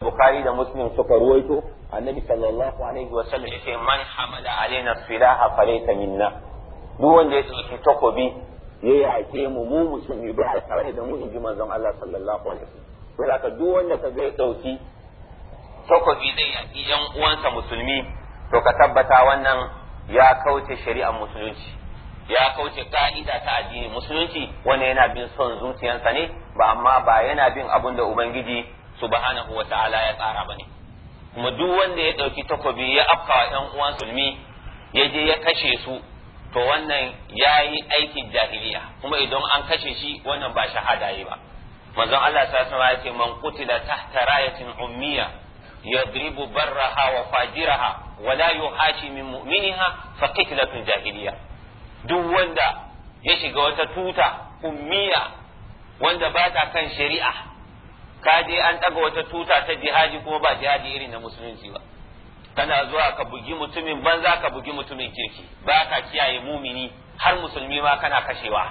Bukari da Muslim suka ruwaito Annabi sallallahu alaihi wa sallam yake man hamala alaina silaha falaysa minna duk wanda ya dauki takobi ya ake mu mu musulmi ba a tare da mu inji manzon Allah sallallahu alaihi wa wasallam haka duk wanda ka zai dauki takobi zai yaki yan uwansa musulmi to ka tabbata wannan ya kauce shari'ar musulunci ya kauce ka'ida ta addini musulunci wanda yana bin son zuciyarsa ne ba amma ba yana bin abin da ubangiji subhanahu wa ta'ala ya tsara bane kuma duk wanda ya dauki takobi ya afka wa ƴan uwan sulmi ya je ya kashe su to wannan yayi aikin jahiliya kuma idan an kashe shi wannan ba shahada yi ba manzon Allah ta sama ya ce man qutila tahta rayatin ummiya yadribu barraha wa fajiraha wa la yuhashi min mu'miniha fa qitlatun jahiliya duk wanda ya shiga wata tuta ummiya wanda ba ta kan shari'a ka je an ɗaga wata tuta ta jihadi kuma ba jihadi irin na musulunci ba kana zuwa ka bugi mutumin banza ka bugi mutumin kirki ba ka kiyaye mumini har musulmi ma kana kashewa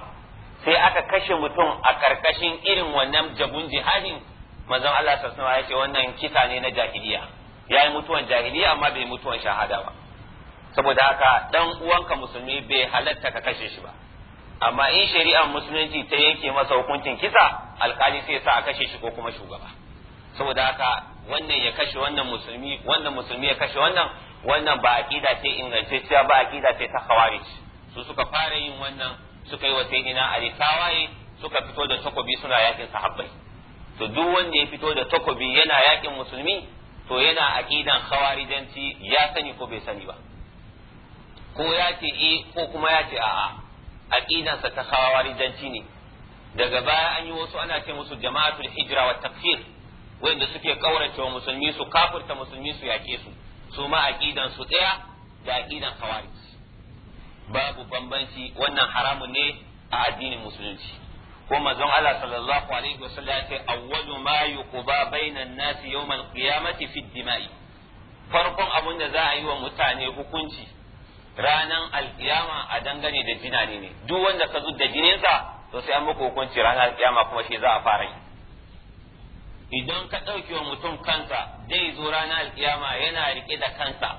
sai aka kashe mutum a karkashin irin wannan jabun jihadin manzon Allah sallallahu alaihi ya ce wannan kisa ne na jahiliya yayi mutuwan jahiliya amma bai mutuwan shahada ba saboda haka dan uwanka musulmi bai halatta ka kashe shi ba amma in shari'ar musulunci ta yanke masa hukuncin kisa alkali sai ya sa a kashe shi ko kuma shugaba saboda haka wannan ya kashe wannan musulmi wannan musulmi ya kashe wannan wannan ba aqida ce ingantacciya ba aqida ce ta khawarij su suka fara yin wannan suka yi wa sayyidina ali tawaye suka fito da takobi suna yakin sahabbai to duk wanda ya fito da takobi yana yakin musulmi to yana aqidan khawarijanci ya sani ko bai sani ba ko ya ce eh ko kuma ya ce a'a aqidansa ta khawarijanci ne daga baya an yi wasu ana ce musu jama'atul hijra wa takfir wanda suke kaurace wa musulmi su kafirta musulmi su yake su su ma aqidan su daya da aqidan khawarij babu bambanci wannan haramun ne a addinin musulunci ko manzon Allah sallallahu alaihi wasallam ya ce awwalu ma yuqba bainan nasi yawmal qiyamati fi dima'i farkon abun da za a yi wa mutane hukunci ranan alkiyama a dangane da jina ne duk wanda ka da jininsa to sai an muku hukunci ranar kiyama kuma shi za a fara yi idan ka ɗauke wa mutum kansa zai zo ranar alkiyama yana rike da kansa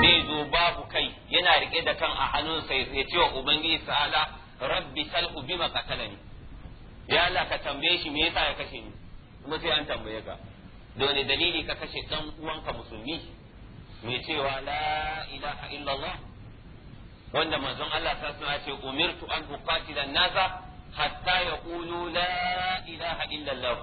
zai zo babu kai yana rike da kan a hannunsa ya ce wa ubangiji sala rabbi salhu bima qatalani ya Allah ka tambaye shi me yasa ya kashe ni kuma sai an tambaye ka wani dalili ka kashe dan uwanka musulmi mai cewa la ilaha illallah wanda manzon Allah ta suna ce umirtu an uqatila nasa hatta yaqulu la ilaha illa Allah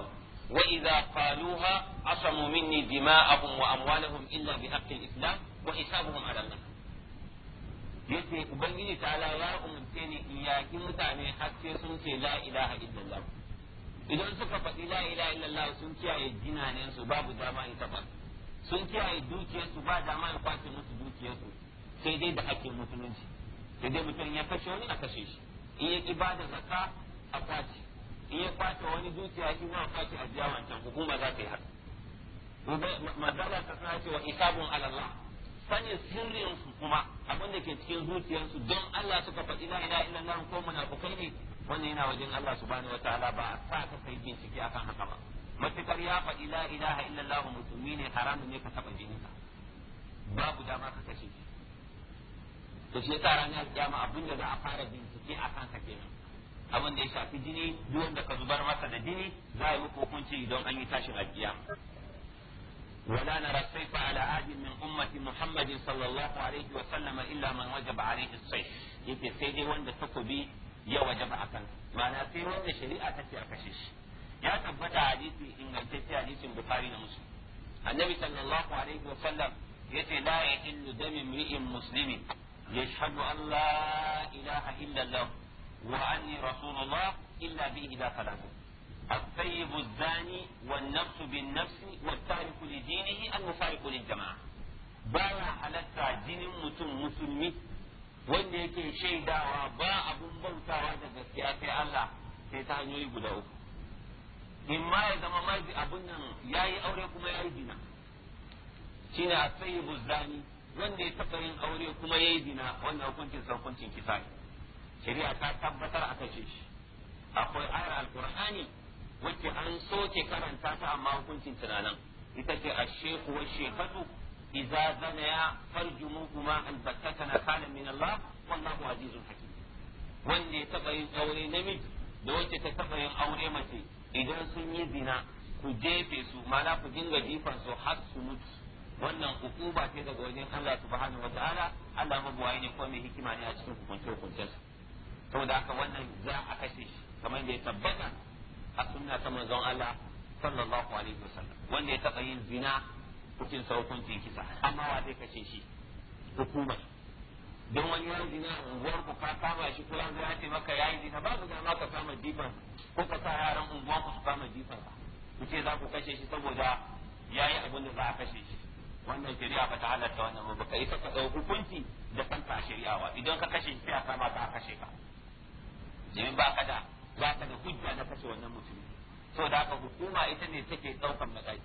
wa idza qaluha asamu minni dima'ahum wa amwalahum illa bi haqqil islam wa hisabuhum ala Allah yace ubangiji ta'ala ya umurce ni in yaki mutane har sai sun ce la ilaha illallah idan suka faɗi la ilaha illallah sun kiyaye jinanen su babu dama in taɓa sun kiyaye dukiyarsu ba dama in kwace musu dukiyarsu sai dai da hakkin musulunci idan mutum ya kashe wani a kashe shi in ya ki bada zaka a kwace in ya kwace wani dukiya shi ma a kwace a biya wancan hukuma za ta yi haka magana ta sana cewa isabun alallah sanin sirrin su kuma abin da ke cikin zuciyarsu don Allah suka faɗi la ilaha illallah ko kai ne wannan yana wajen Allah subhanahu wataala ba a sa ka kai bincike akan haka ba matukar ya faɗi la ilaha illallah musulmi ne haramun ne ka taɓa jininka babu dama ka kashe shi to shi yasa ranar kiyama abin da za a fara bincike a kansa kenan abin da ya shafi jini duk da ka zubar masa da dini za a yi hukunci don an yi tashin ajiya wala nara saifa ala ahadin min ummati muhammadin sallallahu alaihi wa sallam illa man wajaba alaihi sayf yake sai dai wanda takobi ya wajaba akan ma'ana sai wanda shari'a take a kashe shi ya tabbata hadisi ingantacce hadisin bukhari na muslim annabi sallallahu alaihi wa sallam yace la ya illu dami mri'in muslimin يشهد أن لا إله إلا الله وأني رسول الله إلا به إذا فلانه الطيب الزاني والنفس بالنفس والتارك لدينه المفارق للجماعة بايا حلتا دين متم مسلمي wanda yake shaidawa ba abun bautawa da gaskiya sai Allah sai ta hanyoyi guda uku in ma ya zama mazi abun nan yayi aure kuma yayi dina shine a sayyibu Buzani. wanda ya taɓa yin aure kuma ya yi zina wannan hukuncin sa hukuncin kisa ne shari'a ta tabbatar a kashe shi akwai ayar alkur'ani wacce an soke karanta ta amma hukuncin tunanin ita ce a shehu wa shekatu mu kuma farjumuhuma albattata na kana min Allah wallahu azizun hakim wanda ya taɓa yin aure namiji da wacce ta taɓa yin aure mace idan sun yi zina ku jefe su mana ku dinga jifan su har su mutu wannan hukuma ce daga wajen Allah subhanahu wataala Allah buwaye ne ko mai hikima ne a cikin hukunce hukuncensa saboda haka wannan za a kashe shi kamar da ya tabbata a sunna ta manzon Allah sallallahu alaihi wasallam wanda ya taɓa yin zina hukuncin sa hukuncin kisa amma wa zai kashe shi hukuma don wani yayin zina unguwar ku ka kama shi kula ya ce maka yayi zina ba babu dama ka kama jifan ko ka sa yaran unguwar ku su kama jifan ku ce za ku kashe shi saboda yayi abin da za a kashe shi wannan shari'a ba ta halatta wannan ba ka isa ka hukunci da fanta shari'a ba idan ka kashe shi a ba ka kashe ka domin ba ka da za ka da hujja na kashe wannan mutumin so da haka hukuma ita ne take ɗaukar mataki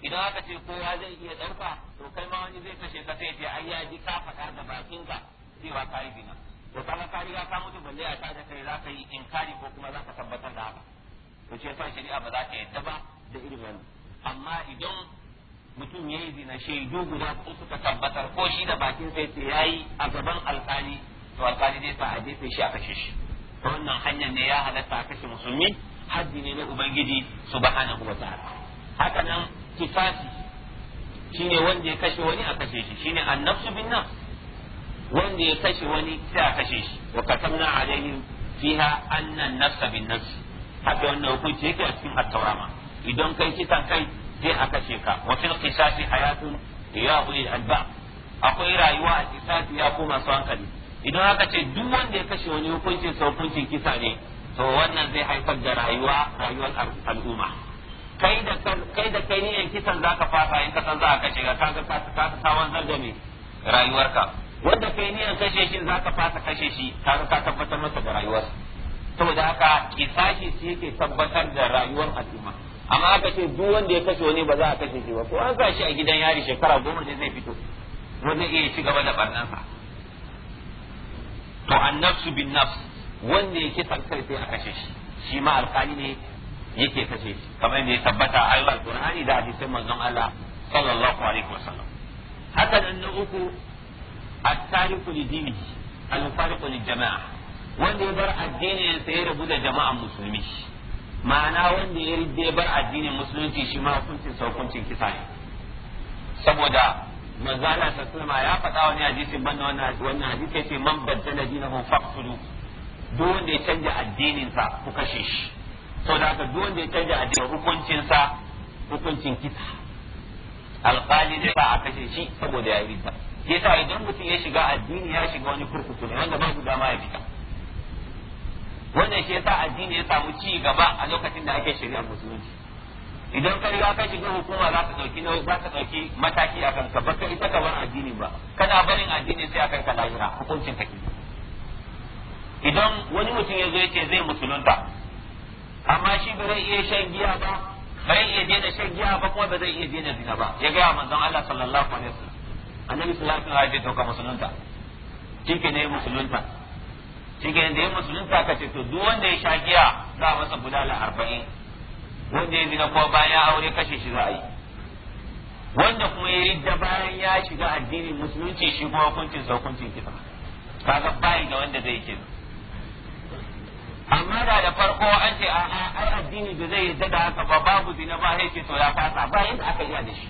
idan aka ce kowa zai iya ɗauka to kai ma wani zai kashe ka sai ce ai ya ji ka faɗa da bakin ka cewa ka yi bina to kaga ka riga ka mutu balle a tada kai za ka yi inkari ko kuma za ka tabbatar da haka to ce fa shari'a ba za ta yadda ba da irin wannan amma idan mutum ya yi zina shaidu guda ko suka tabbatar ko shi da bakin sai ce ya yi a gaban alkali to alkali zai sa a jefe shi a kashe shi ta wannan hanyar ne ya halatta a kashe musulmi haddi ne na ubangiji subhanahu wa ta'ala haka nan shi ne wanda ya kashe wani a kashe shi shi ne annafsu bin nafs wanda ya kashe wani sai a kashe shi wa katamna alaihim fiha nan nafsa bin nafs haka wannan hukunci yake a cikin at idan kai kisan kai sai a kashe ka wa fil qisasi hayatun ya ulil alba akwai rayuwa a qisasi ya koma su hankali idan aka ce duk wanda ya kashe wani hukuncin sa hukuncin kisa ne to wannan zai haifar da rayuwa rayuwar al'umma kai da kai da kai niyan kisan zaka fasa in ka san za ka kashe ka ga ka ka sawan zargami rayuwarka wanda kai niyan kashe shi zaka fasa kashe shi kaga ka tabbatar masa da rayuwarsa saboda haka kisashi shi yake tabbatar da rayuwar al'umma amma aka ce duk wanda ya kashe wani ba za a kashe shi ba ko an sa shi a gidan yari shekara goma ne zai fito wanda iya ci gaba da barnansa to an nafsu bin nafs wanda ya ke kai sai a kashe shi shi ma alƙali ne yake kashe shi kamar yadda ya tabbata ayoyin alƙur'ani da hadisin manzon Allah sallallahu alaihi wasallam haka nan na uku at-tariqu li dinihi al-fariqu lil jama'a wanda ya bar addinin sa ya rabu da jama'an musulmi ma'ana wanda ya ridde bar addinin musulunci shi ma hukuncin sa hukuncin kisa ne saboda manzo ta sulma ya faɗa wani hadisi banda wannan wannan hadisi yace man baddala dinahu faqtulu duk wanda ya canja addinin sa ku kashe shi saboda haka duk wanda ya canja addinin hukuncin sa hukuncin kisa alqali ne ba a kashe shi saboda ya ridda yasa idan mutum ya shiga addini ya shiga wani kurkuku ne wanda babu dama ya fita wannan shi yasa addini ya samu ci gaba a lokacin da ake shari'ar musulunci idan ka riga kai shiga hukuma za ta dauki za ta dauki mataki a kanka ba ka ita ka bar addini ba kana barin addini sai akan ka lahira hukuncin ka idan wani mutum ya zo ya ce zai musulunta amma shi ba zai iya shan giya ba ba zai iya daina shan giya ba kuma ba zai iya daina zina ba ya gaya manzon Allah sallallahu alaihi wasallam annabi sallallahu alaihi wasallam ya ce to ka musulunta kike ne musulunta Cikin da ya musulunta ka ce to duk wanda ya sha giya za a masa bulala arba'in wanda ya zina kuma bayan ya aure kashe shi za a yi wanda kuma ya da bayan ya shiga addinin musulunci shi kuma hukuncin sa hukuncin kisa kaga bayan ga wanda zai ke amma da da farko an ce a'a ai addini da zai yarda da haka ba babu zina ba sai ce to ya fasa ba yanda aka iya da shi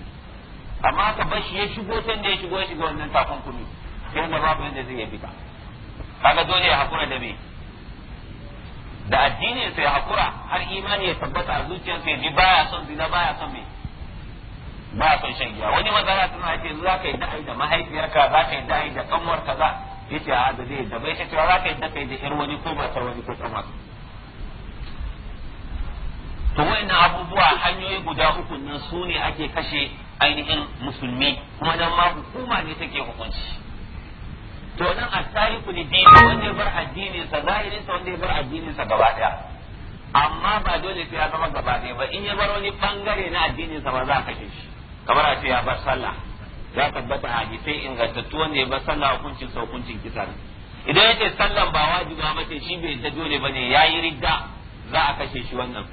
amma ka bar shi ya shigo can da ya shigo ya shiga wannan takunkumi sai da babu yanda zai yi fita kaga dole ya hakura da me da addinin sai hakura har imani ya tabbata a sai ya ji baya son zina baya son me baya son shan giya wani mazara tana ce za ka yi da'ai da mahaifiyarka za ka yi da'ai da kanwar kaza ce a da zai da bai ce za ka yi da kai da yar wani ko ba wani ko kanwar to wai na abubuwa hanyoyi guda uku nan su ne ake kashe ainihin musulmi kuma dan ma hukuma ne take hukunci to nan at-tariku ne dini wanda ya bar addinin sa zahirin sa wanda ya bar addinin sa gaba daya amma ba dole sai ya zama gaba daya ba in ya bar wani bangare na addinin sa ba za a kashe shi kamar a ce ya bar sallah ya tabbata hadisai ingantattu wanda ya bar sallah hukuncin sa hukuncin kisa ne idan ya ce sallan ba wajiba ce shi bai ta dole ya yi ridda za a kashe shi wannan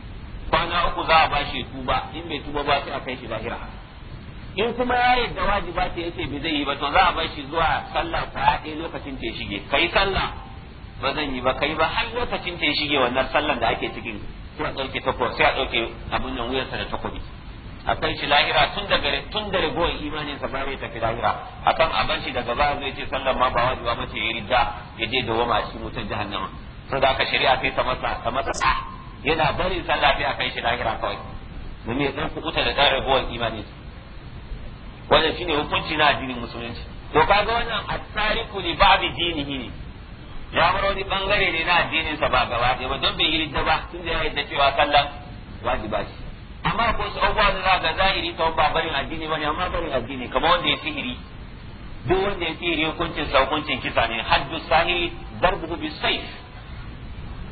kwana uku za a ba shi tuba in bai tuba ba sai a kai shi lahira in kuma ya yi da wajiba ce yace bai zai yi ba to za a bar shi zuwa sallah ta ɗaya lokacin ta shige kai sallah ba zan yi ba kai ba har lokacin ta shige wannan sallar da ake cikin sai a ɗauke takobi sai a ɗauke abin nan wuyarsa da takobi a kai shi lahira tun daga tun da ragowar imanin sa bare tafi lahira akan a bar shi daga baya zai ce sallar ma ba wajiba ba ce ya riga ya je da wama a cikin wutar jahannama da aka shari'a sai ta masa ta masa yana barin sallah sai a kai shi lahira kawai domin ya ɗan kuɓuta da ɗan ragowar imanin sa wannan shine hukunci na addinin musulunci to kaga wannan at-tariku li ba'di dinihi ne ya bar wani bangare ne na addinin sa ba gaba ɗaya ba don bai yi ta ba tun da ya yadda cewa kallan wajiba shi. amma ko su abubuwa da za ga zahiri ta ba barin addini ba ne amma barin addini kamar wanda ya sihiri duk wanda ya sihiri hukuncin sa hukuncin kisa ne haddu sahiri darbuhu bi sayf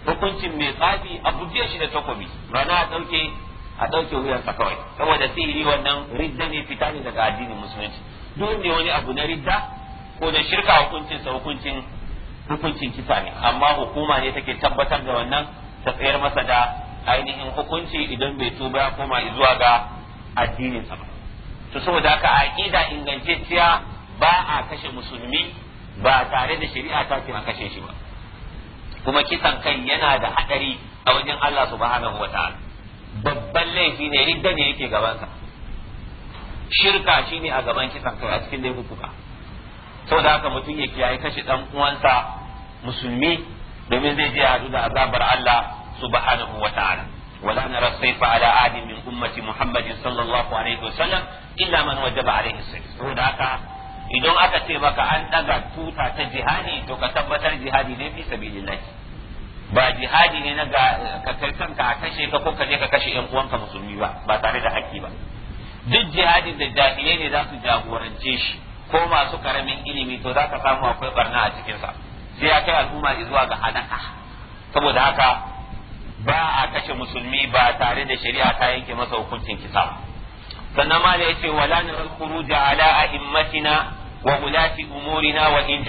hukuncin mai tsafi a buge shi da takobi rana a ɗauke a ɗauke sa kawai saboda sihiri wannan ridda ne fita ne daga addinin musulunci duk ne wani abu na ridda ko na shirka hukuncin sa hukuncin hukuncin kisa ne amma hukuma ne take tabbatar da wannan ta tsayar masa da ainihin hukunci idan bai tuba ya koma zuwa ga addinin sa to saboda haka aqida ingantacciya ba a kashe musulmi ba tare da shari'a ta ce a kashe shi ba kuma kisan kai yana da hadari a wajen Allah subhanahu wataala babban laifi ne ridda ne yake gabansa shirka shi ne a gaban kisan kai a cikin laifuka saboda haka mutum ya kiyaye kashe dan uwansa musulmi domin zai je hadu da azabar Allah subhanahu wa ta'ala wala nara sayfa ala adin min ummati muhammadin sallallahu alaihi sallam illa man wajaba alaihi sayf saboda haka idan aka ce maka an daga tuta ta jihadi to ka tabbatar jihadi ne fi sabilillah jihadi ne na ka kai kanka a kashe ka ko ka je ka kashe yan uwanka musulmi ba ba tare da haƙƙi ba duk jihadin da jahilai ne za su jagorance shi ko masu karamin ilimi to za ka samu akwai barna a cikin sa sai ya kai al'umma zuwa ga halaka saboda haka ba a kashe musulmi ba tare da shari'a ta yanke masa hukuncin kisa sannan ma ya ce wala nal jaala ala a'immatina wa ulati umurina wa in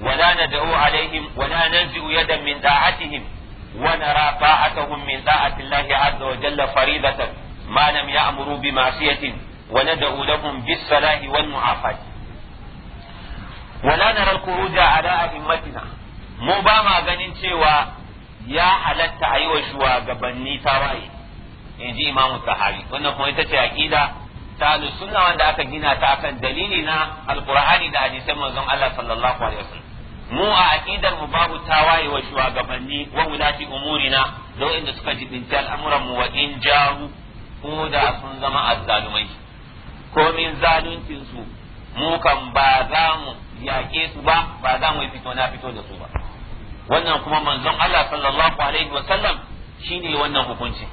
ولا ندعو عليهم ولا ننزع يدا من طاعتهم ونرى طاعتهم من طاعة الله عز وجل فريضة ما لم يأمروا بمعصية وندعو لهم بالصلاة والمعافاة ولا نرى الخروج على أئمتنا mu ba ma ganin cewa ya halatta a yi wa shugabanni tawaye in ji imamu sahabi wannan kuma ita ce aƙida ta sunna wanda aka gina ta akan dalili na alqur'ani da hadisan manzon Allah sallallahu alaihi mu a aqidar mu babu tawaye wa shugabanni wa wulati umurina da wanda suka jibinta al'amuran mu wa in jaru ko da sun zama azzalumai ko min zaluncin su mu kan ba za mu yaƙe su ba ba za mu fito na fito da su ba wannan kuma manzon Allah sallallahu alaihi wa sallam shine wannan hukunci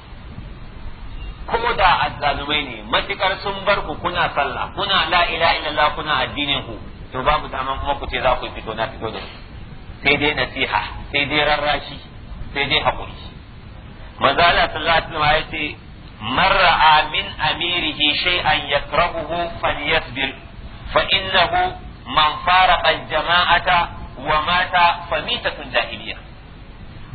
ko da azzalumai ne matukar sun bar ku kuna sallah kuna la ilaha illallah kuna addinin ku to babu daman kuma ku ce za ku fito na fito da shi sai dai nasiha sai dai rarrashi sai dai hakuri manzo Allah sallallahu alaihi wasallam ya ce man ra'a min amirihi shay'an yakrahuhu falyasbir fa innahu man faraqa al-jama'ata wa mata fa mitatun jahiliya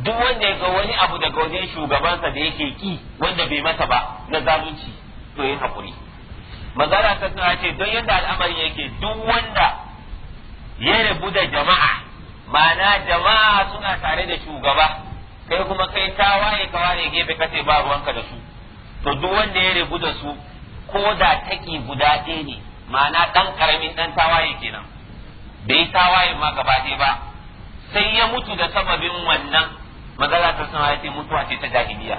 duk wanda ga wani abu daga wajen shugabansa da yake ki wanda bai masa ba na zalunci to yin hakuri manzara ta ce don yadda al'amarin yake duk wanda ya rabu da jama'a ma'ana jama'a suna tare da shugaba kai kuma kai ta waye ka waye gefe ka ce ba ruwanka da su to duk wanda ya rabu da su ko da taki guda ɗaya ne ma'ana ɗan ƙaramin ɗan tawaye kenan bai tawaye ma gaba ɗaya ba sai ya mutu da sababin wannan magana ta sama ya ce mutuwa ce ta jahiliya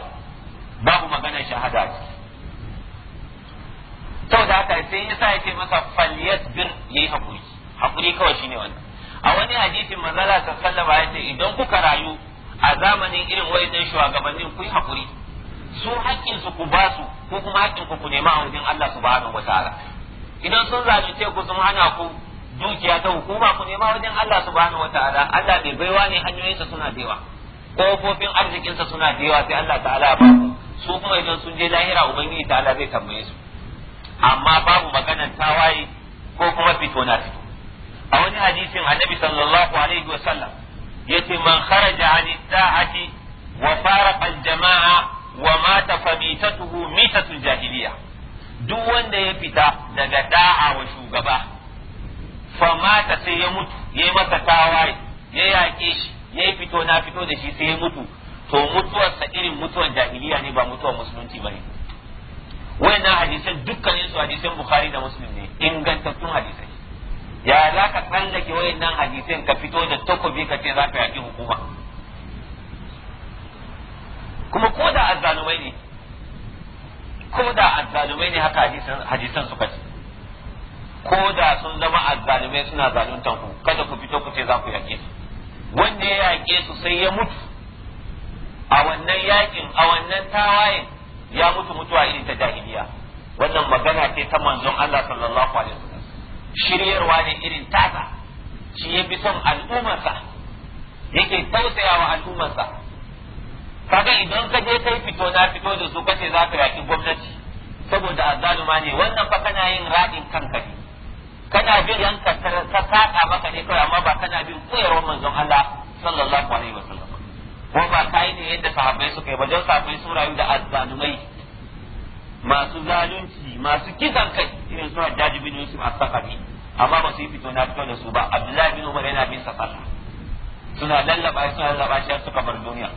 babu maganar shahada ce da haka sai ya sa ya ce masa falyasbir yayi hakuri hakuri kawai shine wannan a wani hadisin manzala ta sallama ya idan kuka rayu a zamanin irin wa'annan shugabannin ku yi hakuri su hakkin su ku ba su ko kuma hakkin ku ku nema a wajen Allah subhanahu wataala idan sun ce ku sun hana ku dukiya ta hukuma ku nema wajen Allah subhanahu wataala Allah bai baiwa ne hanyoyinsa suna da yawa kofofin arzikinsa suna da yawa sai Allah ta'ala ba ku su kuma idan sun je lahira ubangiji ta'ala zai tambaye su amma babu maganar tawaye ko kuma fito na fito a wani hadisin annabi sallallahu alaihi wa sallam yace man kharaja an ta'ati wa faraqa al-jama'a wa mata fa mitatu mitatul jahiliya duk wanda ya fita daga da'a wa shugaba fa mata sai ya mutu yayi maka tawaye ya yaƙe shi yayi fito na fito da shi sai ya mutu to sa irin mutuwar jahiliya ne ba mutuwar musulunci bane wannan hadisin dukkanin su hadisin bukhari da muslim ne ingantattun hadisai ya za ka tsallake wayannan hadisin ka fito da takobi ka ce za ka yaki hukuma kuma ko da azzalumai ne ko da azzalumai ne haka hadisin suka ce ko da sun zama azzalumai suna zaluntan ku kada ku fito ku ce za ku yake su wanda ya yake su sai ya mutu a wannan yakin a wannan tawayen ya mutu mutuwa irin ta jahiliya wannan magana ce ta manzon Allah sallallahu alaihi shiryarwa ne irin tasa shi ya fi son al'ummarsa yake tausayawa al'ummarsa kaga idan ka je kai fito na fito da su kace za ka yaki gwamnati saboda azaluma ne wannan fa kana yin radin kanka ne kana bin yan ka saka maka ne kawai amma ba kana bin koyarwar manzon Allah sallallahu alaihi wasallam ko ba kai ne yadda sahabbai suka yi ba don sahabbai su rayu da azzalumai masu zalunci masu kisan kai irin su Hajjaj bin Yusuf as-Saqafi amma ba su yi fito na fito da su ba Abdullahi bin Umar yana bin safar suna lallaba suna lallaba shi suka bar duniya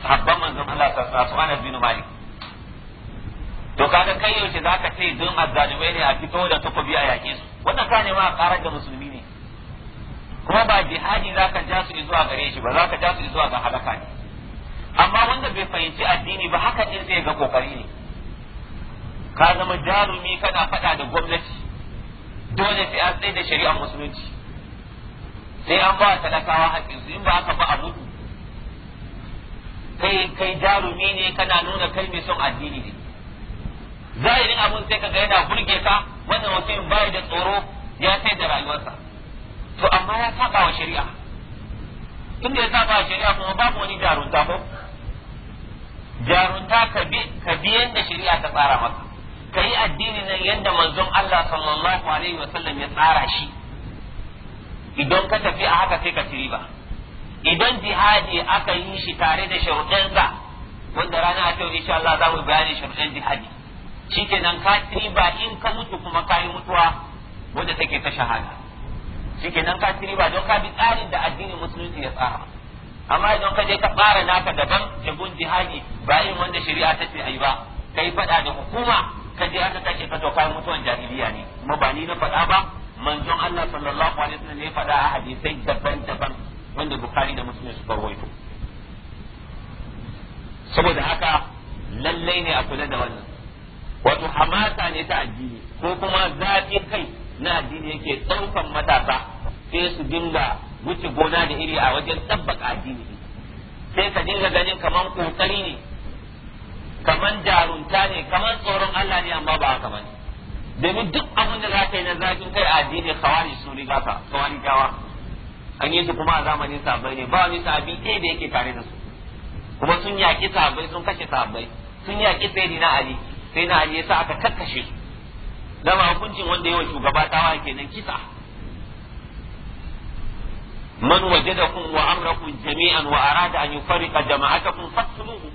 sahabban manzon Allah sallallahu alaihi wasallam bin Malik to kaga kai yaushe zaka ce don azzalumai ne a fito da takobi a yake su wannan ka ne ma karar da musulmi ne kuma ba jihadi zaka ja su zuwa gare shi ba zaka ja su zuwa ga halaka ne amma wanda bai fahimci addini ba haka din zai ga kokari ne ka zama jarumi kana faɗa da gwamnati dole sai an tsaye da shari'ar musulunci sai an ba talakawa su in ba aka ba a mutu kai kai jarumi ne kana nuna kai mai son addini ne zahirin abun sai ka ga yana burge ka wannan mutum bayi da tsoro ya sai da rayuwarsa to amma ya saba wa shari'a inda ya saba wa shari'a kuma babu wani jarunta ko jarunta ka biyan da shari'a ta tsara maka ka yi addinin nan yadda manzon Allah sallallahu alaihi sallam ya tsara shi idan ka tafi a haka sai ka ci riba idan jihadi aka yi shi tare da sharuɗansa wanda rana ta yau insha Allah za mu bayani sharuɗan jihadi shikenan ka ci riba in ka mutu kuma ka yi mutuwa wanda take ta shahada shikenan ka ci riba don ka bi tsarin da addinin musulunci ya tsara amma idan ka je ka tsara naka daban shagun jihadi bayan wanda shari'a ta ce ayi ba kai faɗa da hukuma ta je aka kashe ka to kayan mutuwan jahiliya ne kuma ba ni na faɗa ba manzon Allah sallallahu alaihi wasallam ne faɗa a hadisai daban-daban wanda Bukhari da Muslim suka rawaito saboda haka lallai ne a kula da wannan wato hamasa ne ta addini ko kuma zafi kai na addini yake ɗaukan matasa sai su dinga wuce gona da iri a wajen tabbaka addini sai ka dinga ganin kaman kokari ne kaman jarunta ne kaman tsoron Allah ne amma ba haka bane domin duk abin da zaka yi na zafin kai a addini khawari sun riga ka gawa an yi su kuma a zamanin sabai ne ba wani sabi ɗaya da yake tare da su kuma sun yaƙi sabai sun kashe sabai sun yaƙi na Ali na Ali yasa aka kakkashe su dama hukuncin wanda yawa shugaba tawa kenan kisa man wajadakum wa amrakum jami'an wa arada an yufarriqa jama'atakum faqtuluhu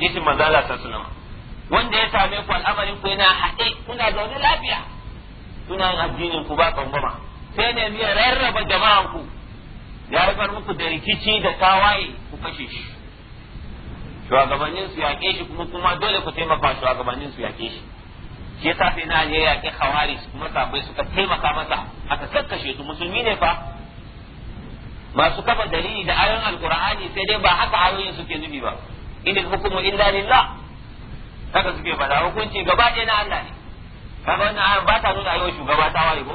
hadisin manzo Allah sallallahu alaihi wasallam wanda ya same ku al'amarin ku yana haɗe kuna zaune lafiya kuna yin addinin ku ba tsangwama sai ne miya rarraba jama'an ku ya haifar muku da rikici da tawaye ku kashe shi shugabannin su yaƙe shi kuma kuma dole ku taimaka shugabannin su yaƙe shi shi yasa sai na ya yaƙe hawari kuma sabai suka taimaka masa aka kakkashe su musulmi ne fa masu kafa dalili da ayoyin alkur'ani sai dai ba haka ayoyin suke nufi ba inil hukmu illa lillah haka suke faɗa hukunci gaba ɗaya na Allah ne kaga wannan ayar ba ta nuna yau shugaba ta waye ko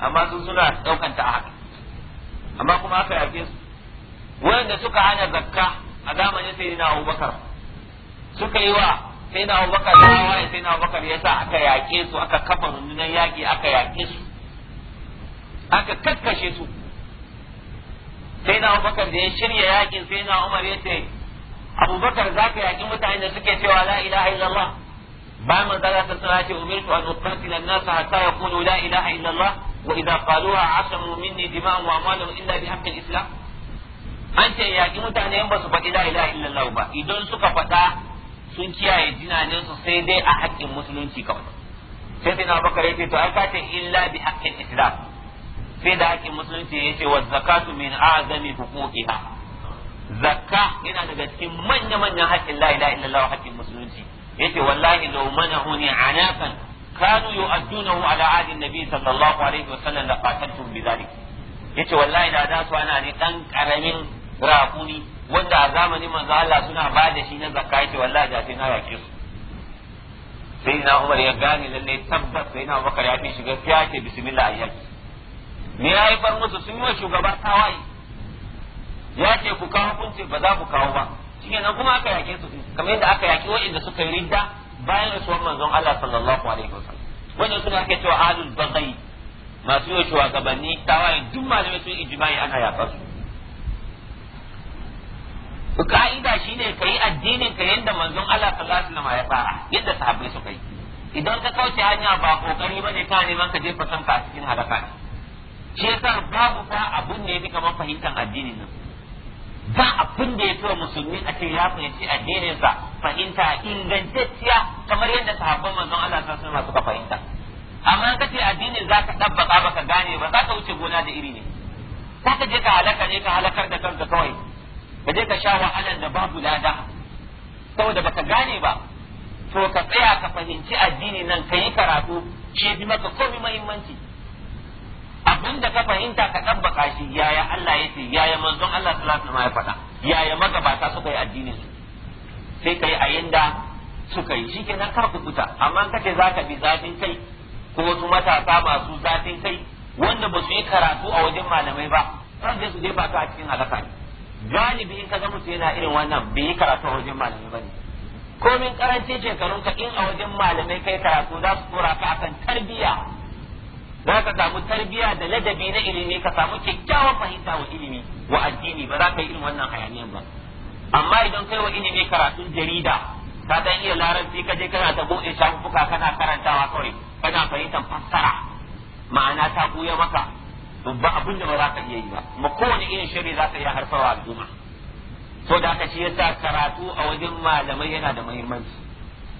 amma sun suna daukan ta haka amma kuma aka yake su wanda suka hana zakka a zamanin sai na Abubakar suka yi wa sai na Abubakar ya waye sai na Abubakar ya sa aka yake su aka kafa rundunar yaki aka yake su aka kakkashe su sai na Abubakar da ya shirya yakin sai na Umar ya ce abubakar za ka yaƙi mutane da suke cewa la ilaha illallah bayan manzala ta sana ce umirtu an uqatila an-nas hatta yaqulu la ilaha illallah wa idza qaluha asamu minni dima'an wa amwaluhum illa bi haqqi islam an ce yaƙi mutane ba su faɗi la ilaha illallah ba idan suka faɗa sun kiyaye dinanin su sai dai a haƙƙin musulunci kawai sai sai na bakar yace to ai ka ce illa bi haqqi islam sai da haƙƙin musulunci yace wa zakatu min a'zami huquqiha zakka yana daga cikin manya-manyan haƙƙin la ilaha illallah haƙƙin musulunci yace wallahi law manahu ni anafan kanu yu'addunahu ala ahdi nabi sallallahu alaihi wasallam la qataltum bidhalik yace wallahi da da su ana ne dan karamin rakuni wanda a zamanin manzo Allah suna ba da shi na zakka yace wallahi da sai na yake su sai na Umar ya gane lalle tabbas sai na Abubakar ya fi shiga gaskiya ce bismillah ayyaki me ya bar musu sun yi wa shugaba tawaye ya ce ku kawo hukunci ba za ku kawo ba nan kuma aka yake su kamar yadda aka yaki waɗanda suka yi ridda bayan rasuwar manzon Allah sallallahu alaihi wasallam wanda suna ake cewa ahlul bagai masu yi cewa gabanni tawaye duk malamai sun ijimai ana yafa su ka'ida shine kai addinin ka yadda manzon Allah sallallahu alaihi wasallam ya fara yadda sahabbai suka yi idan ka kauce hanya ba kokari ne ka neman ka jefa kanka a cikin halaka ne shi yasa babu fa abun da yafi kamar fahimtar addinin nan ba abin da ya fi musulmi a cikin ya fahimci sa fahimta ingantacciya kamar yadda sahabban manzon Allah sallallahu alaihi wasallam suka fahimta amma ka ce addinin zaka dabbaka ka gane ba zaka wuce gona da iri ne ka je ka halaka ne ka halakar da kanka kawai ka je ka sha wahalan da babu lada saboda ba ka gane ba to ka tsaya ka fahimci addinin nan ka yi karatu shi bi maka komai muhimmanci Abinda ka fahimta ka tabbaka shi yaya Allah ya ce yaya manzon Allah sallallahu alaihi ya faɗa yaya magabata suka yi addinin su sai kai a yanda suka yi shi kenan kar kuta amma kace zaka bi zafin kai ko wasu matasa masu zafin kai wanda ba su yi karatu a wajen malamai ba sai su je ba a cikin halaka ne galibi in ka ga mutum yana irin wannan bai yi karatu a wajen malamai ba ne komin karancin ka in a wajen malamai kai karatu za su tura ka akan tarbiyya za ka samu tarbiya da ladabi na ilimi ka samu kyakkyawan fahimta wa ilimi wa addini ba za ka yi irin wannan hayaniyan ba amma idan kai wa ilimi karatun jarida ka dan iya larabci ka je kana ta bude shafuka kana karantawa kawai kana fahimtar fassara ma'ana ta buya maka ba abin da ba za ka iya yi ba kuma kowane irin shirri za ka iya harfawa al'umma so da haka shi yasa karatu a wajen malamai yana da muhimmanci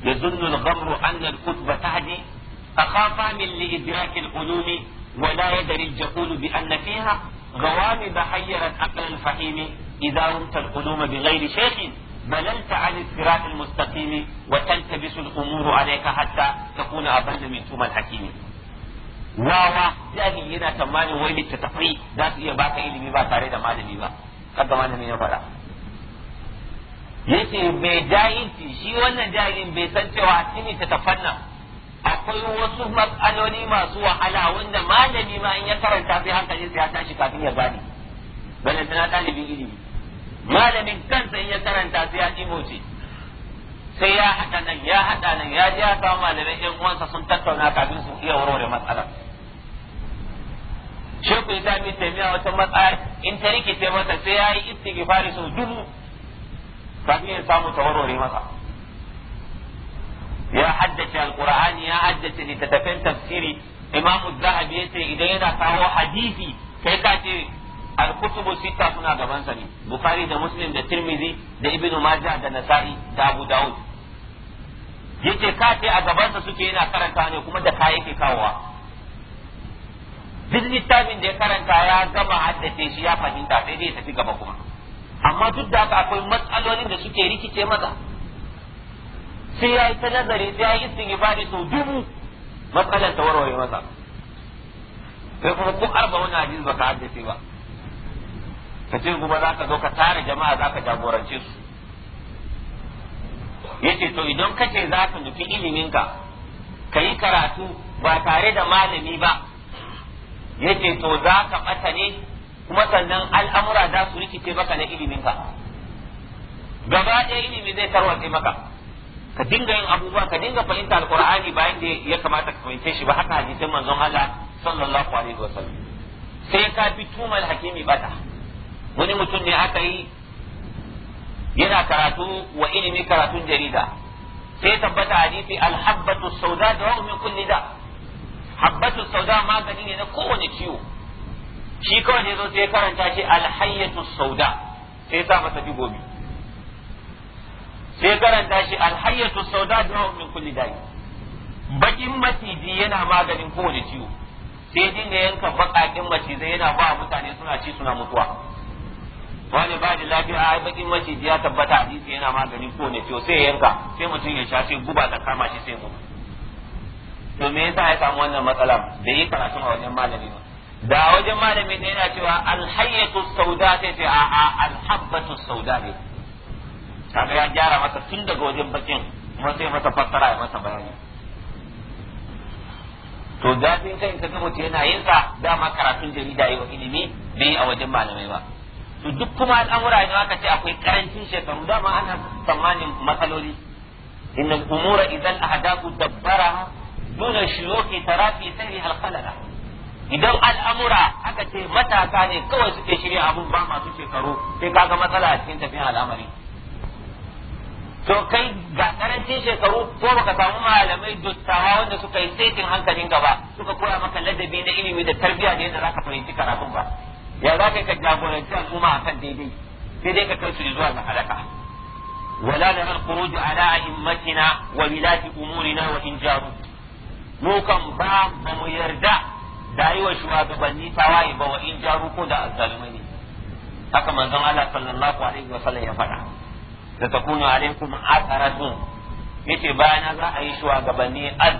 yazunnu al-ghamru anna al-kutba أخاف من لإدراك العلوم ولا يدري الجهول بأن فيها غوامض حيرت عقل الفهيم إذا رمت القلوم بغير شيخ مللت عن الصراط المستقيم وتلتبس الأمور عليك حتى تكون أضل من ثم الحكيم wawa jahili yana tsammanin wai littattafai za su iya baka ilimi ba tare da malami ba kaga malami ya faɗa yace mai jahilci shi wannan jahilin bai san cewa a cikin nan akwai wasu matsaloli masu wahala wanda malami ma in ya karanta sai hankalin ya tashi kafin ya gane bane tana ɗalibin ilimi malamin kansa in ya karanta sai ya ɗimoce sai ya haɗa nan ya haɗa nan ya ji ya samu malamin ɗan uwansa sun tattauna kafin su iya warware matsalar shekul islami taimiya wata matsayar in ta rikice masa sai ya yi istighfari sau dubu kafin ya samu ta warware masa ya haddace alqur'ani ya haddace littattafan tafsiri imamu zahabi yace idan yana kawo hadisi kai ka ce alkutubu sita suna gaban sa ne bukhari da muslim da tirmidhi da ibnu majah da nasa'i da abu daud yace ka ce a gaban sa suke yana karanta ne kuma da kai yake kawowa duk littafin da ya karanta ya gama haddace shi ya fahimta sai dai tafi gaba kuma amma duk da haka akwai matsalolin da suke rikice masa sai ya yi ta nazari sai ya yi istighfari sau dubu matsalar ta warware masa Sai kuma ko arba wani ba ka haddace ba ka ce kuma za ka zo ka tara jama'a za ka jagorance su ce to idan ka ce za ka nufi iliminka ka yi karatu ba tare da malami ba Ya ce to za ka ɓata ne kuma sannan al'amura za su rikice maka na iliminka gaba ɗaya ilimi zai tarwatse maka ka dinga yin abubuwa ka dinga fahimta alqur'ani bayan da ya kamata ka fahimce shi ba haka hadisin manzon Allah sallallahu alaihi wasallam sai ka bi tumal hakimi bata wani mutum ne aka yi yana karatu wa ilimi karatun jarida sai tabbata hadisi alhabbatu sauda da wa min kulli da habbatu sauda magani ne na kowane ciwo shi kawai ne zo sai karanta shi alhayyatu sauda sai sa masa gobe. sai karanta shi alhayyatu sauda da min kulli da'i bakin maciji yana maganin kowane ciwo sai dinga yanka bakakin macizai yana ba mutane suna ci suna mutuwa wani ba da lafiya ai bakin maciji ya tabbata hadisi yana maganin kowane ciwo sai yanka sai mutum ya sha sai guba ta kama shi sai mutu to me yasa ya samu wannan matsala da yi karatu a wajen malami da wajen malami ne yana cewa alhayyatu sauda sai sai a'a alhabbatu sauda ne kaga ya gyara masa tun daga wajen bakin kuma sai masa fassara ya masa bayani to zafin kai ka gama ce yana yin sa dama karatun jarida yi wa ilimi bai a wajen malamai ba to duk kuma al'amura ne aka ce akwai karancin shekaru dama ana tsammanin matsaloli inna umura idan ahdathu dabbara duna shuyuki tarafi sai halqalala idan al'amura aka ce matasa ne kawai suke shirya abun ba masu shekaru sai kaga matsala a cikin tafiyan al'amari to kai ga karancin shekaru ko baka samu malamai dottawa wanda suka yi saitin hankalin gaba suka koya maka ladabi na ilimi da tarbiyya da yadda za ka fahimci karatun ba ya za ka jagoranci al'umma kan daidai sai dai ka kai su zuwa ga halaka ولا لنا الخروج على ba وولاة أمورنا وإن جاروا موكم بام وميردا داي وشواغبني تواي وإن جاروا كودا الظالمين haka manzon Allah sallallahu alaihi wasallam ya faɗa da takunu alaikum asaratun yace bayan za a yi a shugabanni a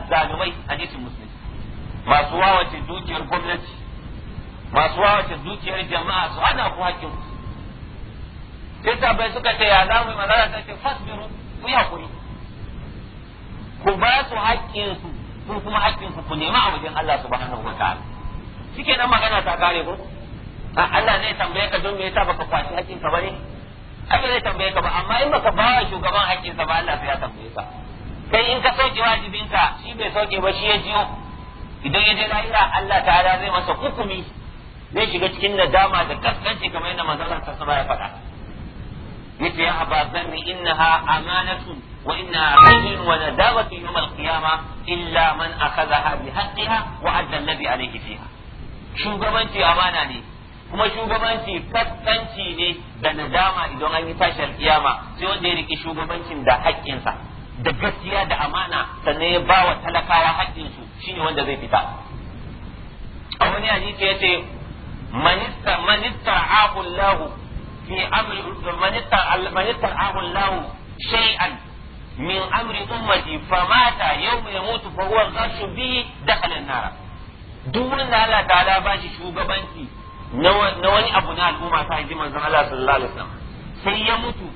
hadisin muslim masu wawace dukiyar gwamnati masu wawace dukiyar jama'a su ana ku hakkin ku sai bai suka ce ya za mu yi ta ce fasbiru ku yi hakuri ku ba su hakkin su kuma haƙƙinsu ku nema a wajen Allah subhanahu wa ta'ala shike nan magana ta kare ku Allah zai tambaye ka don me yasa baka kwaci hakkin ka ne? ai zai tambaye ka ba amma in baka bawa shugaban haƙƙinsa ba Allah sai ya tambaye ka kai in ka sauke wajibinka shi bai sauke ba shi ya jiyo idan ya je lahira Allah ta'ala zai masa hukumi zai shiga cikin nadama da kaskanci kamar yadda manzon ta sama ya faɗa yace ya aba zanni innaha amanatu wa inna rajul wa nadabatu yawm al-qiyamah illa man akhadhaha bi haqqiha wa adda alladhi alayhi fiha shugabanci amana ne kuma shugabanci kaskanci ne da nadama idan an yi tashi alkiyama sai wanda ya riki shugabancin da haƙƙinsa da gaskiya da amana sannan ya ba wa talakawa haƙƙinsu shine wanda zai fita a wani hadisi ya ce manista lahu fi amri manista ahullahu shay'an min amri ummati famata yawma yamutu fa huwa ghashu bi dakhala an-nar duk wanda Allah ta ba shi shugabanci na wani abu na al'umma ta ji zan Allah sallallahu alaihi wasallam sai ya mutu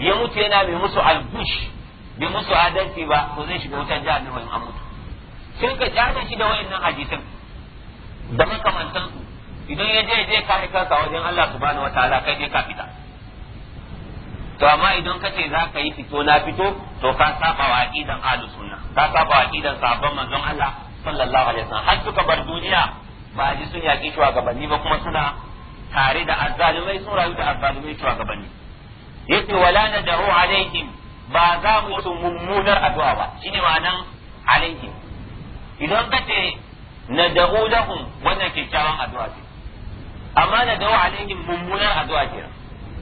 ya mutu yana mai musu albush bai musu adalci ba ko zai shiga wutar jihar da wani mutu sun ka jana shi da wayannan hadisan da makamantan su idan ya je je kare kansa wajen Allah subhanahu wataala kai je ka fita to amma idan ka ce za ka yi fito na fito to ka saba wa aqidan ahlus sunna ka saba wa aqidan sahabban manzon Allah sallallahu alaihi wasallam har suka bar duniya ba ji sun yaƙi shugabanni ba kuma suna tare da azzalumai sun rayu da azzalumai shugabanni yace wala na nad'u alaihim ba za mu su mummunar addu'a ba shine ma'anan alaihim idan kace da lahum wannan kyakkyawan addu'a ce amma na nad'u alaihim mummunar addu'a ce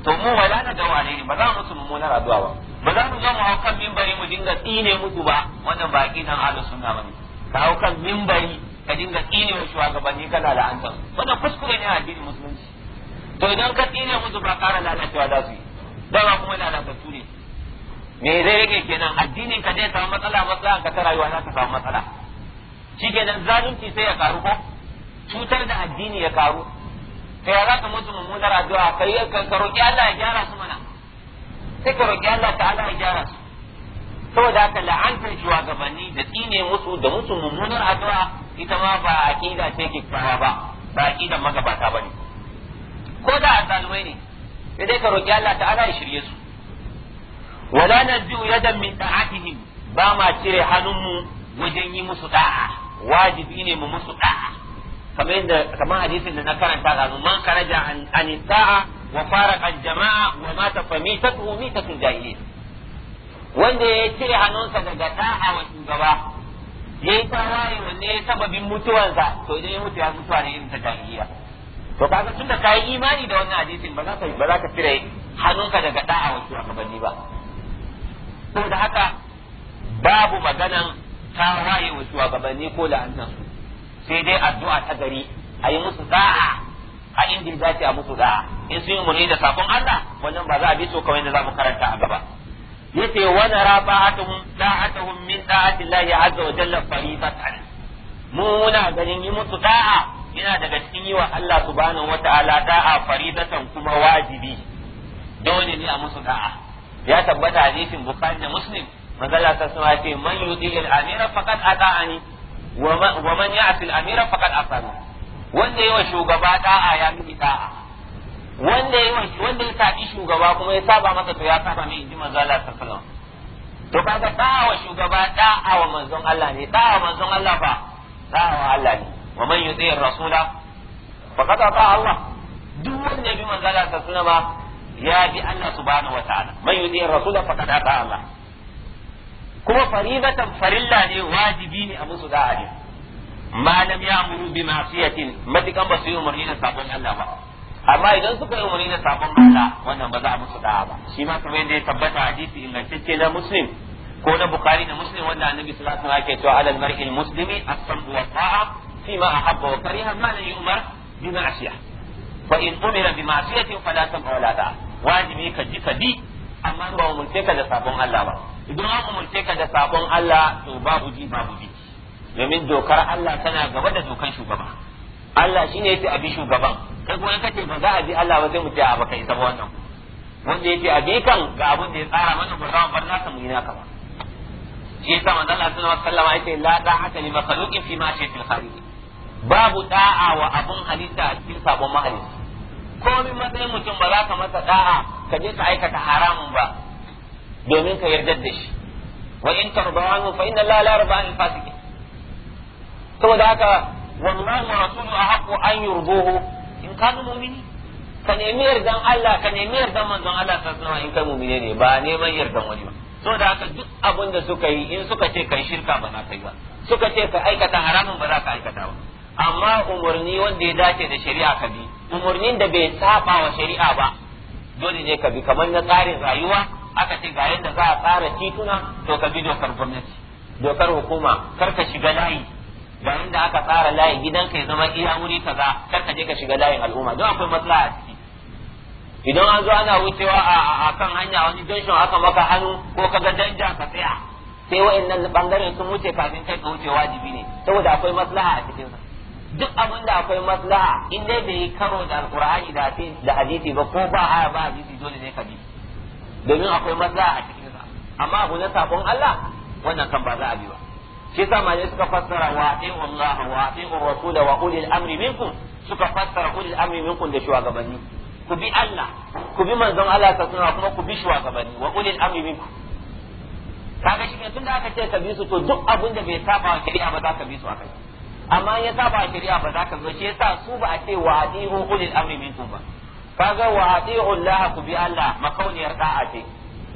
to mu wala na nad'u alaihim ba za mu su mummunar addu'a ba ba za mu zo mu hau kan mimbari mu dinga tsine mutu ba wannan nan aqidan suna ba ne ka hau kan mimbari ka dinga tsine wa shugabanni kana la'anta wannan kuskure ne a addinin musulunci to idan ka tsine musu ba ƙara lalacewa za su yi dama kuma lalatattu ne me zai rage kenan addinin ka zai samu matsala matsala ka ta rayuwa za ta samu matsala kenan zalunci sai ya karu ko cutar da addini ya karu kai ya za ka mutu mummunar addu'a kai ka roƙi Allah ya gyara su mana sai ka roƙi Allah ta'ala ya gyara su saboda haka la'antar shugabanni da tsine musu da musu mummunar addu'a ita ma ba aqida ce kikkiawa ba ba aqidan magabata ne ko da azalmai ne sai dai ka roƙi Allah ta'ala ya shirye su wala nadju yadan min ta'atihim ba ma cire hannunmu wajen yi musu da'a wajibi ne mu musu da'a kamar yadda kamar hadisin da na karanta ga man karaja an sa'a wa faraqa al-jama'a wa mata fa mitatu mitatu wanda ya cire hannunsa daga ta'a wa shugaba ya yi tawaye wanne ya sababin mutuwarsa to idan ya mutu ya mutuwa ne irin ta jahiliya to kaga tunda ka yi imani da wannan hadisin ba za ka ba za ka hannunka daga da'a wasu shugabanni ba saboda haka babu maganan tawaye wasu gabanni ko la'annan. sai dai addu'a ta gari a yi musu za'a a inda za a musu za'a in sun yi muni da sakon Allah wannan ba za a bi so kawai da za mu karanta a gaba yace wa nara ba'atuhum da'atuhum min da'ati Allah azza wa jalla faribatan mu muna ganin yi musu da'a yana daga cikin yi wa Allah subhanahu wataala da'a faridatan kuma wajibi dole ne a musu da'a ya tabbata hadisin bukhari da muslim manzala ta sama ce man yudi al-amira faqad ata'ani wa man ya'ti al-amira faqad asana wanda yawa shugaba da'a ya miki da'a wanda ya wanda ya saɓi shugaba kuma ya saba masa to ya saba mai inji manzo Allah sallallahu alaihi to kaga da'a shugaba da'a wa manzon Allah ne da'a wa manzon Allah ba da'a Allah ne wa man yuti rasula faqad ata'a Allah duk wanda ya bi manzo Allah sallallahu ba ya bi Allah subhanahu ta'ala man yuti rasula faqad ata'a Allah kuma faridatan farilla ne wajibi ne a musu da'a ne malam ya ya'muru bi ma'siyatin matikan basu yi umarni da sabon Allah ba amma idan suka yi umarni da sabon Allah wannan ba za a musu da'a ba shi ma kamar yadda ya tabbata hadisi ingantacce na muslim ko na bukhari da muslim wanda annabi sallallahu alaihi wasallam yake cewa alal mar'il muslimi as-sabr wa ta'a fi ma ahabba wa kariha ma la yu'mar bi ma'siyah fa in umira bi ma'siyatin fala tab'a wala da'a wajibi ka ji ka bi amma ba umurce ka da sabon Allah ba idan an umurce ka da sabon Allah to babu ji babu ji domin dokar Allah tana gaba da dokan shugaba Allah shine yace a bi shugaban kai kuma in kace ba za a bi Allah ba sai mu ce a baka isa ba wannan wanda yace a bi kan ga abin da ya tsara mana ba za mu bar nasa mu yi naka ba shi yasa manzo Allah sallallahu alaihi wasallam yace la da'ata li makhluqin fi ma'siyatil khaliq babu da'a wa abun halitta cikin sabon mahalicci komai matsayin mutum ba za ka masa da'a ka je ka aikata haramun ba domin ka yarda da shi wa in tardahu fa inna la la rabba'il fasiqin saboda haka wallahi wa rasulu ahqqu an yurduhu in kanu mu'mini ka nemi yardan Allah ka nemi yardan manzon Allah sallallahu alaihi wasallam in kai mu'mine ne ba neman yardan wani ba saboda haka duk abin da suka yi in suka ce kai shirka ba na ka yi ba suka ce ka aikata haramun ba za ka aikata ba amma umarni wanda ya dace da shari'a ka bi umarnin da bai saba wa shari'a ba dole ne ka bi kamar na tsarin rayuwa aka ce ga yadda za a tsara tituna to ka bi dokar gwamnati dokar hukuma kar ka shiga layi yayin da aka tsara layin gidanka ya zama iya wuri kaza kar ka je ka shiga layin al'umma don akwai maslaha a ciki idan an zo ana wucewa a kan hanya wani junction aka maka hannu ko kaga danja ka tsaya sai wa'annan bangaren sun wuce kafin kai ka wuce wajibi ne saboda akwai maslaha a cikin duk abin da akwai maslaha in dai bai karo da alqur'ani da da hadisi ba ko ba aya ba hadisi dole ne ka bi domin akwai maslaha a cikin sa amma abu na sabon Allah wannan kan ba za a bi ba shi yasa ma suka fassara wa ati'u Allah wa ati'u Rasul wa ulil amri minkum suka fassara ulil amri minkum da shugabanni ku bi Allah ku bi manzon Allah ta sunna kuma ku bi shugabanni wa ulil amri minkum kaga shi ne tunda aka ce ka bi su to duk abin da bai saba wa shari'a ba za ka bi su akai amma ya saba wa shari'a ba za ka zo shi yasa su ba a ce wa ati'u ulil amri minkum ba kaga wa ati'u Allah ku bi Allah makauniyar da'a ce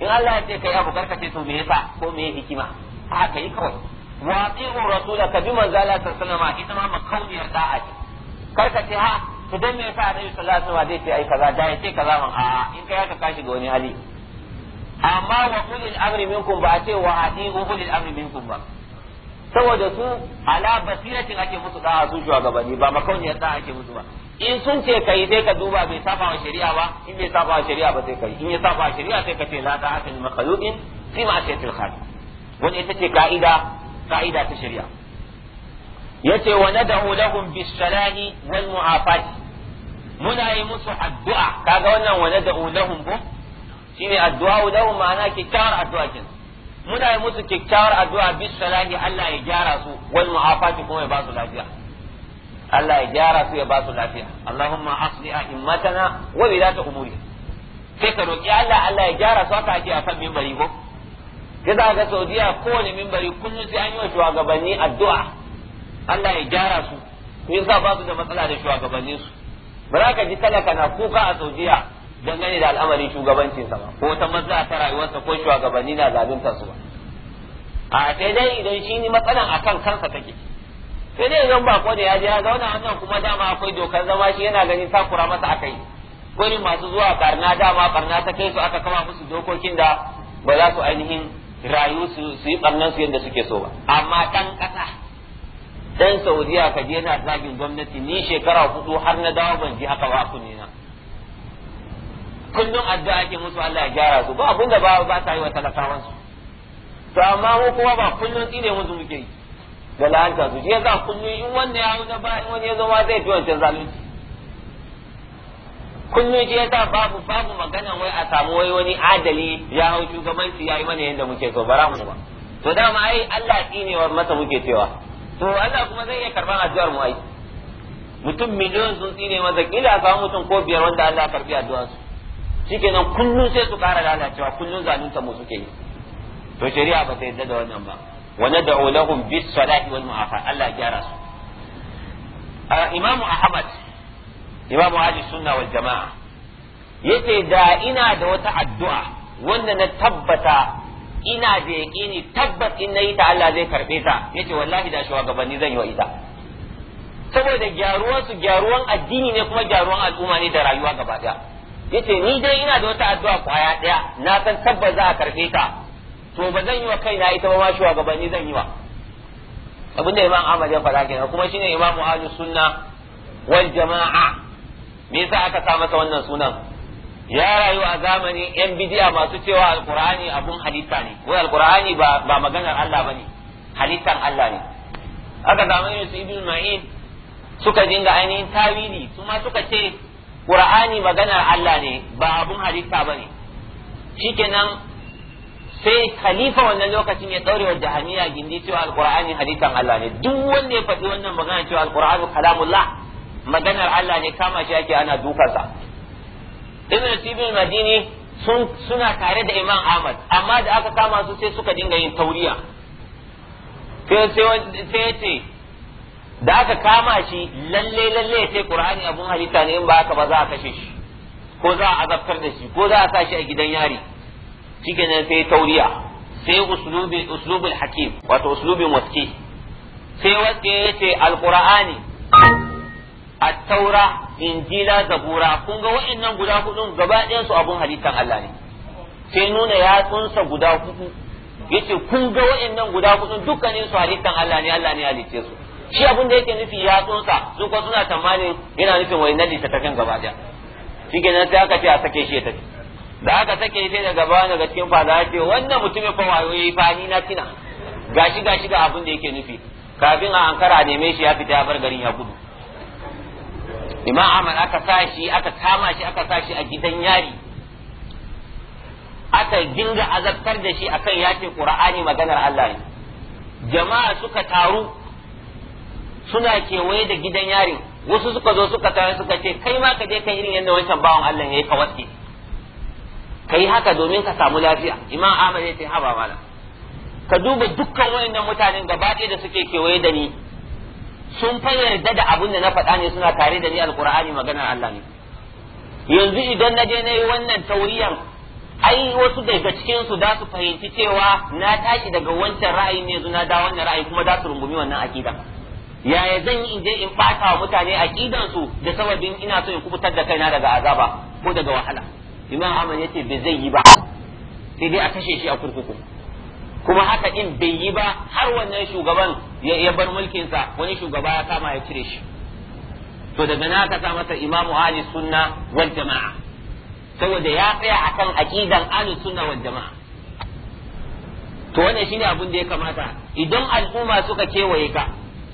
in Allah ya ce kai abu karka ce to me yasa ko me hikima haka yi kawai wa ati'ur rasula ka bi manzo Allah sallallahu alaihi ita ma makauniyar da'a ce kar ka ce ha to dan me yasa Annabi sallallahu alaihi wasallam zai ce ai kaza da ya ce kaza ma a in kai ka kashi ga wani hali amma wa ulil amri minkum ba a ce wa adi'u ulil amri minkum ba saboda su ala basiratin ake musu da'a su shugabanni ba makauniyar da'a ake musu ba in sun ce kai sai ka duba bai saba wa shari'a ba in bai saba wa shari'a ba sai kai in ya saba wa shari'a sai ka ce la ta'atul makhluqin fi ma'siyatil khaliq wani ita ce ka'ida ka'ida ta shari'a yace wa nad'u lahum bis-salahi wal mu'afati muna yi musu addu'a kaga wannan wa nad'u lahum ko shine addu'a lahum ma'ana kyakkyawar addu'a kin muna yi musu kyakkyawar addu'a bis-salahi Allah ya gyara su wal mu'afati kuma ya ba su lafiya Allah ya gyara su ya ba su lafiya Allahumma asli a immatana wa bi ta umuri sai ka roki Allah Allah ya gyara su haka ake akan minbari ko ya za ga saudiya kowane mimbari kullum sai an yi wa shugabanni addu'a Allah ya gyara su ku yasa ba su da matsala da shugabannin su ba za ka ji talaka na kuka a saudiya dangane da al'amarin shugabancinsa ba ko ta matsala ta rayuwarsa ko shugabanni na zaluntar su ba a sai dai idan shi ne matsalan akan kansa take sai dai idan ba ko da ya je ya zauna wannan kuma dama akwai dokar zama shi yana ganin takura masa akai ko masu zuwa barna dama karna ta kai su aka kama musu dokokin da ba za su ainihin rayu su yi barnan su yadda suke so ba amma dan kasa dan saudiya ka je na zagin gwamnati ni shekara hudu har na dawo ban ji haka ba kunne na kullum addu'a ake musu Allah ya gyara su ba abinda ba ba ta yi wa talakawan su to amma mu kuma ba kullum tsine musu muke yi da la'anta su je za kullum in wannan ya na ba in wani ya zama zai fi wancan zalunci shi yasa babu babu magana wai a samu wai wani adali ya hau shugabanci ya yi mana yadda muke so bara mu ba to dama ai Allah wa masa muke cewa to Allah kuma zai iya karban addu'ar mu ai mutum miliyon sun tsine masa kila samu mutum ko biyar wanda Allah karbi addu'ar su shikenan kullun sai su kara lalacewa kullun zalunta mu suke yi to shari'a ba ta yadda da wannan ba wa nad'u lahum bis salati wal mu'afa Allah ya gyara su Imam Ahmad imamu ahli sunna wal jama'a yace da ina da wata addu'a wanda na tabbata ina da yaqini tabbas in nayi ta Allah zai karbe ta yace wallahi da shugabanni zan yi wa ita saboda gyaruwan su gyaruwan addini ne kuma gyaruwan al'umma ne da rayuwa gaba daya yace ni dai ina da wata addu'a kwaya daya na san tabbas za a karbe ta to ba zan yi wa kaina ita ba ma shugabanni zan yi wa abinda imam Ahmad ya faɗa kenan kuma shine imamu ahlus sunna wal jama'a me yasa aka sa masa wannan sunan ya rayu a zamani yan bidiya masu cewa alqur'ani abun halitta ne wai alqur'ani ba ba maganar Allah bane halittan Allah ne aka zamanin su ibnu ma'in suka dinga ainihin tawili su ma suka ce qur'ani maganar Allah ne ba abun halitta bane shikenan sai khalifa wannan lokacin ya daure wa jahamiya gindi cewa alqur'ani halittan Allah ne duk wanda ya faɗi wannan magana cewa alqur'anu kalamullah maganar Allah ne kama shi ake ana dukarsa ibn sibin madini sun suna tare da imam ahmad amma da aka kama su sai suka dinga yin tauriya sai sai ce da aka kama shi lalle lalle sai qur'ani abun halitta ne in ba haka ba za a kashe shi ko za a azabtar da shi ko za a sa shi a gidan yari shikenan sai tauriya sai uslubi uslubul hakim wato uslubin waske sai waske yace alqur'ani at-taura injila zabura kun ga wa'annan guda hudun gaba ɗayan su abun halittan Allah ne sai nuna yatsunsa guda hudu yace kun ga wa'annan guda hudun dukkanin su halittan Allah ne Allah ne halitte su shi abun da yake nufi yatsunsa su ko suna tamanin yana nufin wa'annan littattafan gaba ɗaya shi kenan sai aka ce a sake shi ya tafi da aka sake sai gaba na daga cikin fada ce wannan mutumin fa wayo yayi fa ni na tina gashi gashi ga abin da yake nufi kafin a ankara neme shi ya fita ya bar garin ya gudu imam ahmad aka sa aka kama shi aka sa shi a gidan yari aka dinga azabtar da shi akan yace qur'ani maganar Allah ne jama'a suka taru suna kewaye da gidan yari wasu suka zo suka taru suka ce kai ma ka je kan irin yadda wancan bawan Allah yayi ka waske kai haka domin ka samu lafiya imam ahmad ya ce haba mala ka duba dukkan wayannan mutanen gaba ɗaya da suke kewaye da ni sun fa yarda da abin da na faɗa ne suna tare da ni alqur'ani maganar Allah ne yanzu idan na je na yi wannan tauriyan ai wasu daga cikin su da su fahimci cewa na tashi daga wancan ra'ayi ne yanzu na da wannan ra'ayi kuma za su rungumi wannan akida yaya zan yi in je in ɓata wa mutane akidan su da sababin ina so in kubutar da kaina daga azaba ko daga wahala imam ahmad yace bai zai yi ba sai dai a kashe shi a kurkuku kuma haka din bai yi ba har wannan shugaban ya bar mulkinsa wani shugaba ya kama ya cire shi to daga na aka sa masa imamu ahli sunna wal jama'a saboda ya tsaya akan aqidan ahli sunna wal jama'a to wannan shine abin da ya kamata idan al'umma suka kewaye ka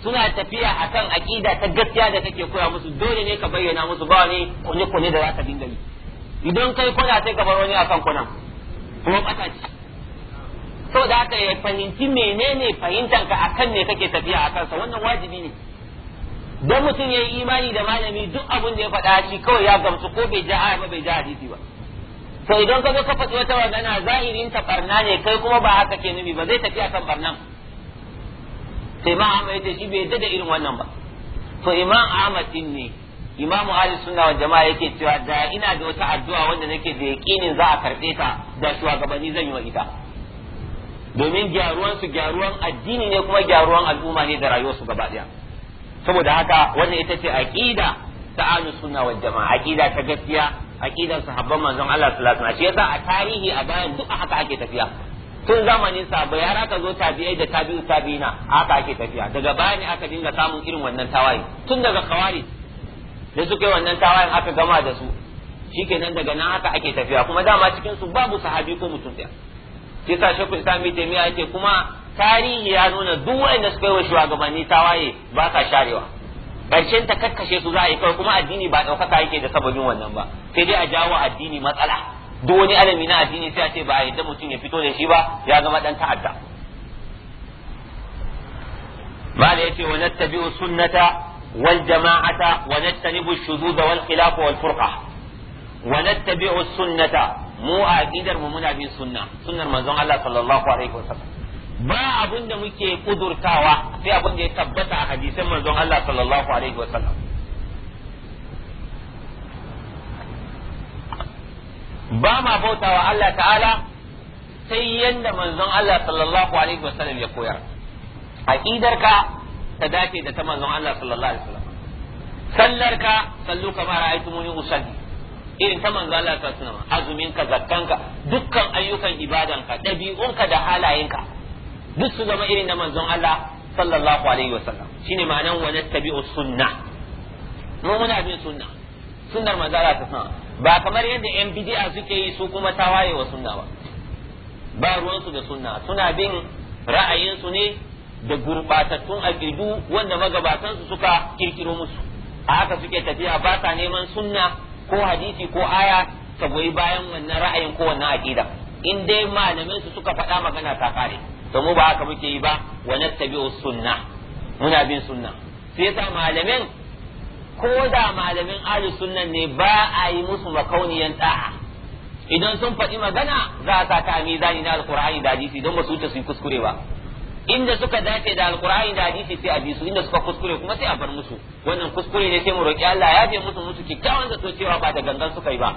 suna tafiya akan aqida ta gaskiya da kake koya musu dole ne ka bayyana musu ba ne kone kone da za ka dinga yi idan kai kona sai ka bar wani akan kunan kuma bata so da haka ya fahimci menene fahimtanka akan ne kake tafiya a kansa wannan wajibi ne don mutum ya yi imani da malami duk abin da ya faɗa shi kawai ya gamsu ko bai ja aya ba bai ja hadisi ba to idan ka zo ka faɗi wata magana zahirin ta barna ne kai kuma ba haka ke nufi ba zai tafi akan barnan sai ma amma yace shi bai dade irin wannan ba to imam Ahmad din ne imamu ahli sunna wa jama'a yake cewa da ina da wata addu'a wanda nake da yaqinin za a karɓe ta da shugabanni zan yi wa ita domin gyaruwan su gyaruwan addini ne kuma gyaruwan al'umma ne da rayuwar su gaba daya saboda haka wannan ita ce aqida ta ahlus sunna wal jamaa aqida ta gaskiya aqidan sahabban manzon Allah sallallahu alaihi wasallam shi yasa a tarihi a bayan duk haka ake tafiya tun zamanin sa ya ka zo tabi'ai da tabi'u tabi'ina haka ake tafiya daga baya ne aka dinga samun irin wannan tawaye tun daga kawari da suka yi wannan tawayen aka gama da su shikenan daga nan haka ake tafiya kuma dama cikin su babu sahabi ko mutum ɗaya shi yasa shekku islam bin taymiya kuma tarihi ya nuna duk wanda suka yi wa shugabanni tawaye ba ka sharewa karshen ta kakkashe su za a yi kawai kuma addini ba ɗaukaka yake da sababin wannan ba sai dai a jawo addini matsala duk wani alami na addini sai a ce ba a yadda mutum ya fito da shi ba ya zama dan ta'adda mala yace wa nattabi'u sunnata wal jama'ata wa nattanibu ash-shuzuz wal wa sunnata mu a aqidar mu muna bin sunna sunnar manzon Allah sallallahu alaihi wasallam ba abun da muke kudurtawa sai abin da ya tabbata a hadisan manzon Allah sallallahu alaihi wasallam ba ma bautawa Allah ta'ala sai yanda manzon Allah sallallahu alaihi wasallam ya koyar aqidar ka ta dace da ta manzon Allah sallallahu alaihi wasallam sallar ka sallu kamar ra'aytumuni usalli irin ta manzo Allah ta sunan azumin ka zakkan ka dukkan ayyukan ibadan ka dabi'un ka da halayen ka duk su zama irin na manzon Allah sallallahu alaihi wasallam shine ma'anan wa nattabi'u sunna mu muna bin sunna sunnar manzo Allah ta sunan ba kamar yadda yan bid'a suke yi su kuma waye wa sunna ba ba ruwansu da sunna suna bin ra'ayinsu ne da gurbatattun aqidu wanda magabatansu suka kirkiro musu a haka suke tafiya ba sa neman sunna ko hadisi ko aya ta goyi bayan wannan ra'ayin ko wannan aqida in dai malamin su suka faɗa magana ta kare to mu ba haka muke yi ba wa nattabi'u sunna muna bin sunna sai yasa malamin ko da malamin ahli sunnan ne ba a yi musu makauniyan da'a idan sun faɗi magana za a sa ta mizani na alqur'ani da hadisi don ba su ta su kuskure ba inda suka dace da alkur'ani da hadisi sai a bisu inda suka kuskure kuma sai a bar musu wannan kuskure ne sai mu roki Allah ya bi musu musu kikkiawan zato cewa ba da gangan suka yi ba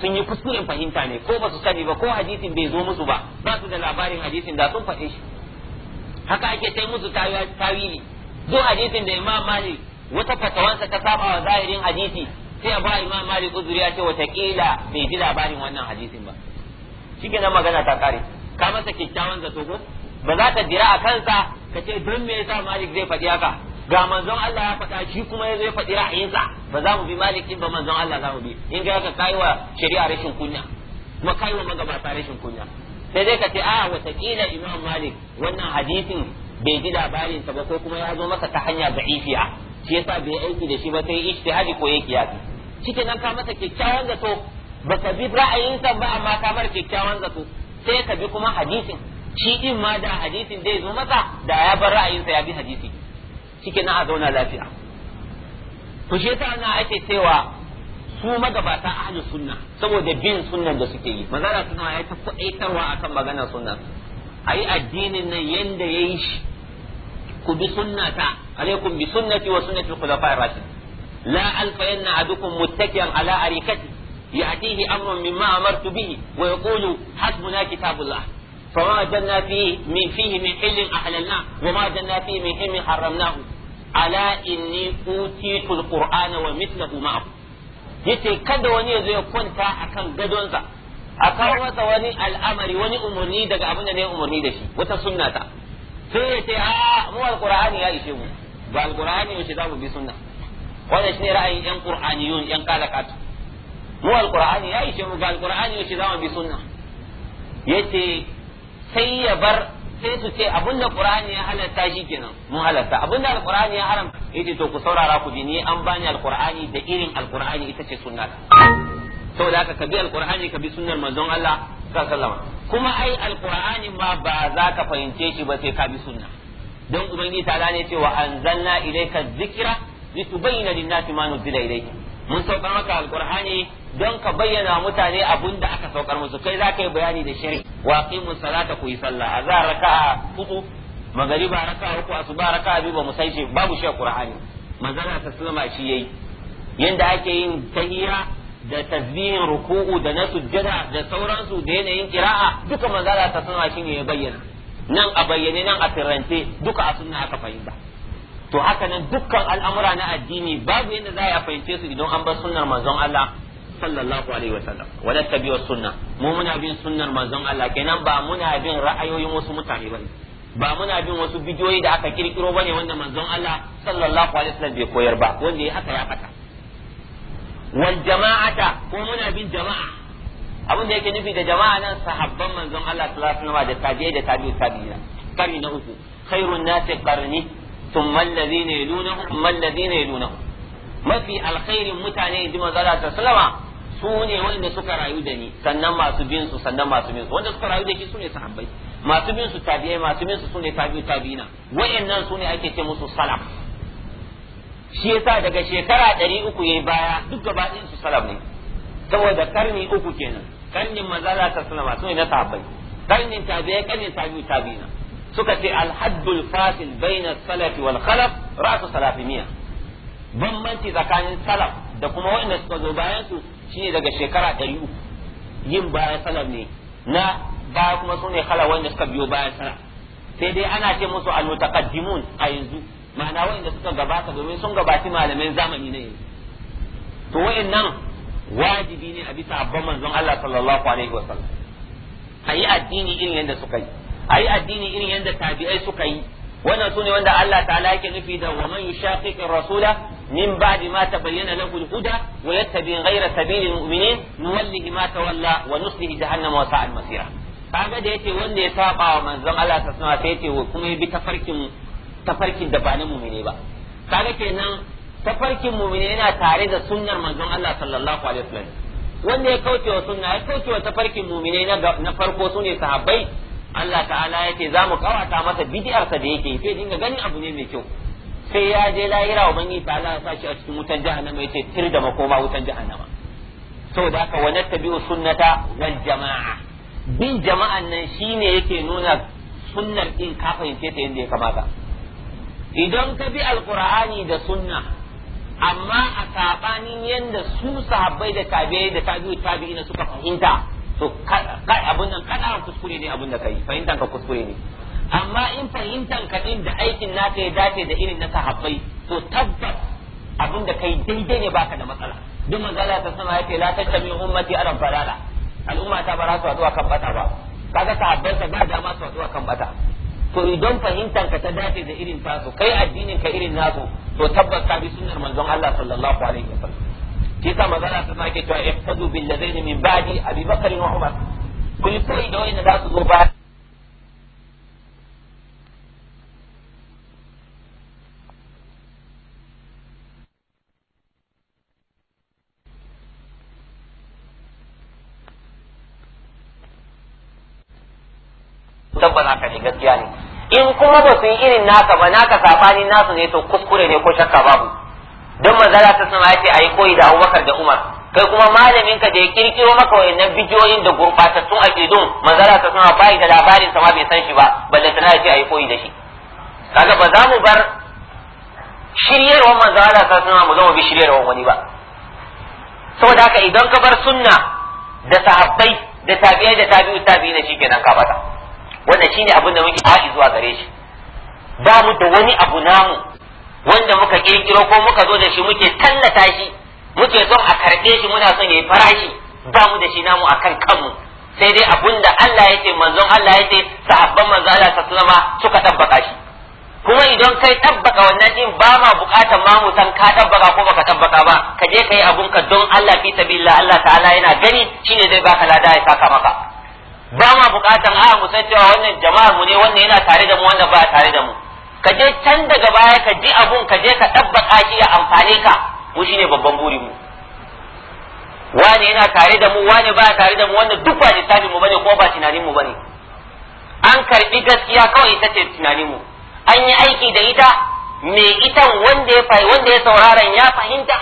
sun yi kuskuren fahimta ne ko ba su sani ba ko hadisin bai zo musu ba ba su da labarin hadisin da sun faɗe shi haka ake sai musu tawili zo hadisin da imam malik wata fatawansa ta saba wa zahirin hadisi sai a ba imam malik uzuri ya ce kila bai ji labarin wannan hadisin ba shikenan magana ta kare ka masa kikkiawan zato ko ba za ka jira a kansa ka ce don me yasa malik zai faɗi haka ga manzon Allah ya faɗa shi kuma ya zo faɗi ra'ayinsa ba za mu bi malik ba manzon Allah za mu bi in ga ka kaiwa wa shari'a rashin kunya kuma kaiwa wa magabata rashin kunya sai dai ka ce a ah, kila imam malik wannan hadisin bai ji labarin sa ba ko kuma ya zo masa ta hanya da'ifiya shi yasa bai aiki da shi ba sai ijtihadi ko yake yaki cikin nan ka masa kyakkyawan zato ka bi ra'ayinsa ba amma ka mara kyakkyawan zato sai ka bi kuma hadisin shi din ma da hadisin zai zo masa da ya bar ra'ayinsa ya bi hadisi shike na a zauna lafiya to shi yasa ana ake cewa su magabata ahlus sunna saboda bin sunnan da suke yi magana suna ya ta kuɗaitarwa akan maganar sunna ayi addinin nan yanda yayi shi ku bi sunnata alaikum bi sunnati wa sunnati al-khulafa'ir rashid la alfayanna adukum muttakiyan ala arikati ya'tihi amrun mimma amartu bihi wa yaqulu hasbuna kitabullah فما وجدنا فيه من فيه من حل أحللناه وما وجدنا فيه من حل حرمناه ألا إني أوتيت القرآن ومثله معه yace kada wani yazo ya kwanta akan gadonsa a kawo masa wani al'amari wani umarni daga abin ne umarni da shi wata sunna ta sai ya ce a mu alqur'ani ya ishe mu ba alqur'ani yace za mu bi sunna wannan shine ra'ayin yan qur'aniyun yan kalakatu mu alqur'ani ya ishe mu ba za mu bi yace sai ya bar sai su ce abinda qur'ani ya halatta shi kenan mun halatta abinda alqur'ani ya haram yace to ku saurara ku ji ni an bani alqur'ani da irin alqur'ani ita ce sunna to haka ka bi alqur'ani ka bi sunnar manzon Allah sallallahu kuma ai alqur'ani ma ba za ka fahimce shi ba sai ka bi sunna don ubangiji ta ne cewa anzalna ilayka dhikra litubayyana lin-nasi ma nuzila ilayka mun saukar maka alqur'ani don ka bayyana mutane abun da aka saukar musu kai za ka yi bayani da shari'a waqimu mu salata ku sallah azhar raka'a hudu magariba raka'a uku asuba raka'a biyu ba mu sai shi babu shi qur'ani manzon ta sallama shi yayi yanda ake yin tahiyya da tasbihin ruku'u da na sujjada da sauransu da yanayin kira'a duka manzon ta sallama shi ne ya bayyana nan a bayyane nan a firante duka a sunna aka fahimta to haka nan dukkan al'amura na addini babu yadda za a fahimce su idan an bar sunnar manzon Allah sallallahu alaihi wasallam wa nattabi'u sunna mu muna bin sunnar manzon Allah kenan ba muna bin ra'ayoyin wasu mutane bane ba muna bin wasu bidiyoyi da aka kirkiro bane wanda manzon Allah sallallahu alaihi wasallam bai koyar ba wanda ya haka ya fata wal jama'ata ko muna bin jama'a abin da yake nufi da jama'a nan sahabban manzon Allah sallallahu alaihi wasallam da tabi'i da tabi'u tabi'ina kari na uku khairun nasi qarni thumma alladhina yalunahum thumma alladhina yalunahum mafi alkhairin mutane inji manzon Allah sallallahu alaihi wasallam su ne wanda suka rayu da ni sannan masu bin su sannan masu bin su wanda suka rayu da shi su ne sahabbai masu bin su tabi'ai masu bin su su ne tabi'u tabi'ina wayannan su ne ake ce musu salaf shi yasa daga shekara ɗari uku yayi baya duk gaba ɗin su salaf ne saboda karni uku kenan karnin manzala ta sallama su ne na sahabbai karnin tabi'ai karnin tabi'u tabi'ina suka ce alhaddul fasil baina salafi wal khalaf ra'su salafimiya bambanci tsakanin salaf da kuma wanda suka zo bayan su shine daga shekara ɗari uku yin bayan sanar ne na baya kuma su ne kala wanda suka biyo bayan sanar sai dai ana ce musu almutaqaddimun a yanzu ma'ana wanda suka gabata domin sun gabaci malamin zamani ne yanzu to nan wajibi ne a bisa abban manzon Allah sallallahu alaihi wasallam ayi addini irin yadda suka yi ayi addini irin yanda tabi'ai suka yi wannan sune wanda Allah ta'ala yake nufi da wa man yushaqiqi rasula min ba'di ma tabayyana lahu al-huda wa yattabi ghayra sabili al-mu'minin nuwallihi ma tawalla wa nuslihi jahannama wa sa'at masira kaga da yace wanda ya saba wa manzon Allah ta sunna sai yace kuma ya bi tafarkin tafarkin da ba na mu'mini ba kaga kenan tafarkin mu'mini yana tare da sunnar manzon Allah sallallahu alaihi wasallam wanda ya kauce wa sunna ya kauce wa tafarkin mu'mini na farko sune sahabbai Allah ta'ala ya ce za mu kawata masa sa da yake sai dinga gani abu ne mai kyau sai ya je lahira bangi ta Allah ya sa a cikin wutan jahannama yace tir da makoma wutan jahannama saboda haka wa tabi'u sunnata wal jama'a bin jama'an nan shine yake nuna sunnar din ka fahimce ta yadda ya kamata idan ka bi alqur'ani da sunna amma a sabanin yanda su sahabbai da tabi'i da tabi'u tabi'ina suka fahimta to abun nan kada kuskure ne abun da kai fahimtan ka kuskure ne amma in fahimtan ka din da aikin naka ya dace da irin na sahabbai to tabbas abun da kai daidai ne baka da matsala duk magana ta sama yake la tabi ummati arab balala al'umma ta bara su zuwa kan bata ba kaga sahabban ka ba dama su zuwa kan bata to idan fahimtan ka ta dace da irin tasu kai addinin ka irin nasu to tabbas ka bi sunnar manzon Allah sallallahu alaihi wasallam shi sa magana ta sake cewa ihtadu bil ladaini min ba'di abi bakr wa umar kun sai da wani za su zo ba tabbas haka ne gaskiya ne in kuma ba su yi irin naka ba naka sabani nasu ne to kuskure ne ko shakka babu don manzala ta sama yace ayi koyi da Abubakar da Umar kai kuma malamin ka da ya kirkiro maka wayannan bidiyoyin da gurbatattun aqidun manzala ta sama bai da labarin sama bai san shi ba balle tana a ayi koyi da shi kaga ba za mu bar shiryarwar manzala ta sama mu zama bi shiryarwar wani ba saboda haka idan ka bar sunna da sahabbai da tabi'ai da na shi shikenan ka bata wannan shine abin da muke faɗi zuwa gare shi ba mu da wani abu namu wanda muka kirkiro ko muka zo da shi muke tallata shi muke son a karɓe shi muna son yi farashi ba mu da shi namu akan kanmu sai dai abun da Allah ya ce manzon Allah ya ce sahabban manzon Allah sallama suka tabbaka shi kuma idan kai tabbaka wannan din ba ma bukatar ma mutan ka tabbaka ko baka tabbaka ba ka je kai abun ka don Allah fi sabilillah Allah ta'ala yana gani shine zai baka lada ya saka maka ba ma bukatan a mu san cewa wannan jama'ar mu ne wannan yana tare da mu wannan ba tare da mu ka je can daga baya ka ji abun ka je ka ɗabbaka shi ya amfane ka mu shine babban burin mu wane yana tare da mu wane baya tare da mu wannan duk ba lissafin mu bane ko ba tunanin mu bane an karbi gaskiya kawai ita ce tunanin mu an yi aiki da ita me ita wanda ya wanda ya sauraron ya fahimta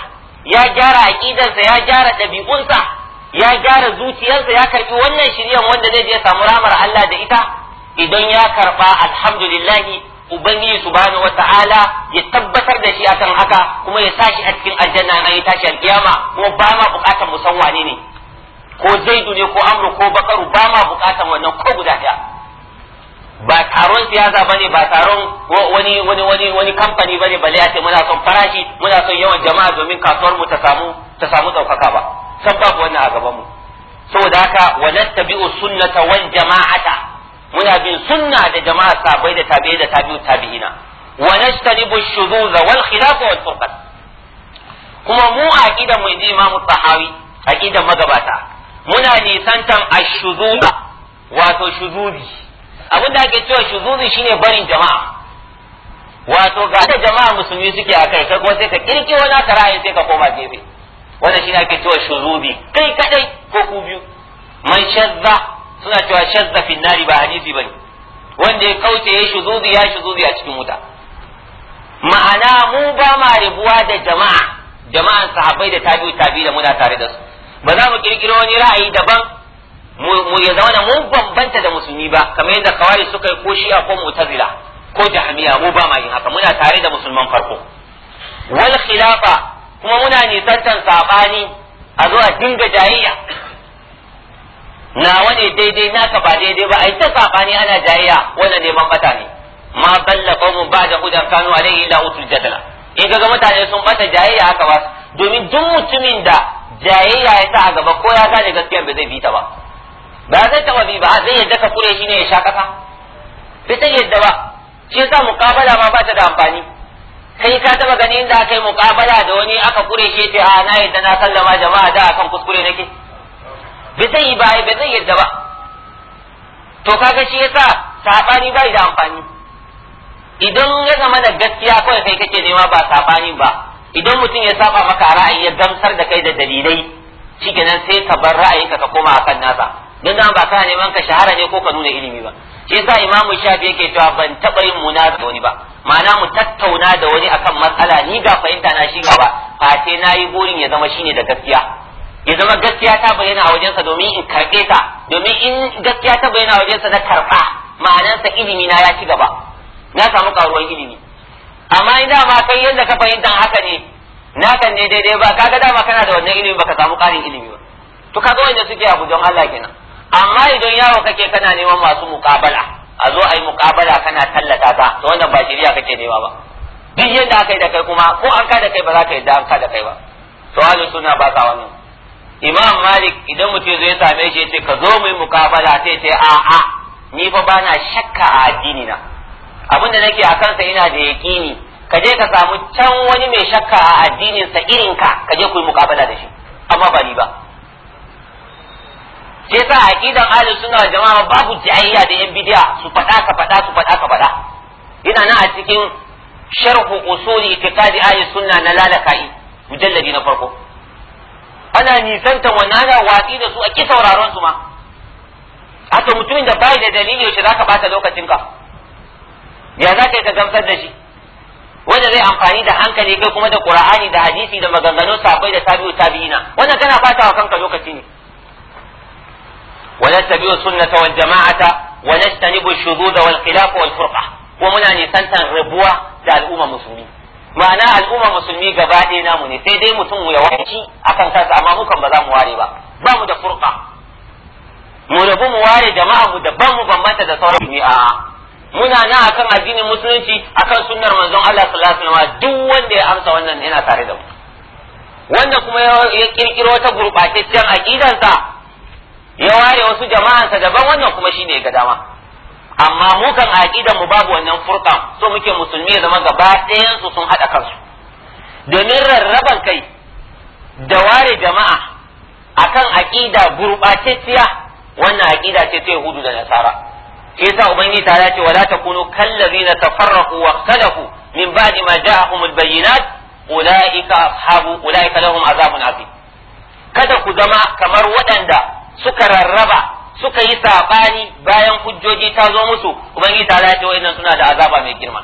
ya gyara aqidarsa ya gyara ɗabi'unsa ya gyara zuciyarsa ya karbi wannan shiryan wanda zai je samu ramar Allah da ita idan ya karba alhamdulillah ubangiji subhanahu ta'ala ya tabbatar da shi akan haka kuma ya sashi a cikin aljanna na ya tashi alkiyama kuma ba ma bukatar mu san wane ne ko zaidu ne ko amru ko bakaru ba ma bukatar wannan ko guda daya ba taron siyasa bane ba taron wani wani wani wani kamfani bane bale ya ce muna son farashi muna son yawan jama'a domin kasuwar mu ta samu ta samu daukaka ba san babu wannan a gaban mu saboda haka wa nattabi'u sunnata wal jama'ata muna bin sunna da jama'a sabai da tabi'i da tabi'u tabi'ina wa nastanibu ash-shuduz wal khilaf wal furqat kuma mu aqida mu inji imamu tahawi aqida magabata muna nisantan ash shudud wato shuzuzi abin da ake cewa shududi shine barin jama'a wato ga da jama'a musulmi suke a kai kai kuma sai ka wani naka ra'ayin sai ka koma gefe wannan shine ake cewa shududi kai kadai ko ku biyu man shazza suna cewa shazza fi nari ba hadisi bane wanda ya kauce ya shi zuzi ya zuzi a cikin wuta ma'ana mu ba ma rabuwa da jama'a jama'an sahabbai da tabi'u tabi'i da muna tare da su ba za mu kirkiro wani ra'ayi daban mu ya zama mun bambanta da musulmi ba kamar yadda kawari suka yi ko shi'a ko mu'tazila ko jahmiya mu ba ma yin haka muna tare da musulman farko wal khilafa kuma muna nisantan sabani a zo a dinga jayayya na ne daidai naka ba daidai ba ai ta sabani ana jayayya wannan neman bata ne ma balla ba da hudan kanu alaihi la utul jadala in ga mutane sun bata jayayya haka ba domin duk mutumin da jayayya ya sa a gaba ko ya gane gaskiya ba zai bi ta ba ba zai taba bi ba zai yadda ka kure shi ne ya sha kasa yadda ba shi yasa muqabala ma ba ta da amfani kai ka taba gani da aka yi muqabala da wani aka kure shi ya ce a na yadda na sallama jama'a da akan kuskure nake bai zai yi baya bai zai yadda ba to kaga shi yasa sabani ba da amfani idan ya zama da gaskiya kawai kai kake nema ba sabani ba idan mutum ya saba maka ra'ayi ya gamsar da kai da dalilai shikenan sai ka bar ra'ayinka ka koma akan nasa don nan ba kana neman ka shahara ne ko ka nuna ilimi ba shi yasa imamu shafi yake cewa ban taba yin muna da wani ba ma'ana mu tattauna da wani akan matsala ni ga fahimta na shiga ba ba sai nayi burin ya zama shine da gaskiya ya zama gaskiya ta bayyana a wajensa domin in karɓe ta domin in gaskiya ta bayyana a wajensa na karɓa ma'anansa ilimi na ya ci gaba na samu karuwar ilimi amma in dama kai yadda ka fahimta haka ne na kan ne daidai ba kaga dama kana da wannan ilimi baka samu ƙarin ilimi ba to kaga wanda suke a don Allah kenan amma idan yawo kake kana neman masu mukabala a zo a yi muƙabala kana tallata ta to wannan ba shirya kake nema ba duk yadda aka yi da kai kuma ko an ka da kai ba za ka yi da an ka da kai ba to suna ba ka wannan imam malik idan mutum zai same shi ce ka zo mu yi mukabala sai ce a a ni fa bana shakka a addini na abin da nake a kansa ina da yaqini ka je ka samu can wani mai shakka a addinin sa irin ka ka je ku yi mukabala da shi amma ba ni ba sai sa aqidan suna sunna jama'a babu jayayya da yan bidiya su faɗa ka faɗa, su faɗa ka faɗa? ina nan a cikin sharhu usuli itiqadi ahli sunna na lalaka'i mujalladi na farko ana nisantan wannan ana watsi da su a ki sauraron su ma haka mutumin da bai da dalili yaushe zaka bata lokacin ka ya za ka gamsar da shi wanda zai amfani da hankali kai kuma da qur'ani da hadisi da maganganun sahabbai da tabi'u tabi'ina wannan kana bata wa kanka lokaci ne ونتبع السنة والجماعة ونجتنب الشذوذ والخلاف muna nisantan rabuwa ربوة al'ummar المسلمين ma'ana al'umma musulmi gaba ɗaya namu ne sai dai mutum ya wanci akan kansa amma kan ba za mu ware ba ba mu da furqa mu rabu mu ware jama'a mu daban mu bambanta da sauran musulmi a muna nan akan addinin musulunci akan sunnar manzon Allah sallallahu alaihi wasallam duk wanda ya amsa wannan yana tare da mu wanda kuma ya kirkiro wata gurbataccen aqidansa ya ware wasu jama'ansa daban wannan kuma shine ga dama amma mu kan aqidan mu babu wannan furqa so muke musulmi ya zama gaba ɗayan su sun hada kansu domin rarraban kai da ware jama'a akan aqida gurbatacciya wannan aqida ce ta yahudu da nasara shi yasa ubangiji ta yace wala takunu kallazina tafarraqu wa ikhtalafu min ba'di ma ja'ahum al ulaika ashabu ulaika lahum azabun azim kada ku zama kamar waɗanda suka rarraba suka yi saɓani bayan hujjoji ta zo musu ubangiji ta ce wa'annan suna da azaba mai girma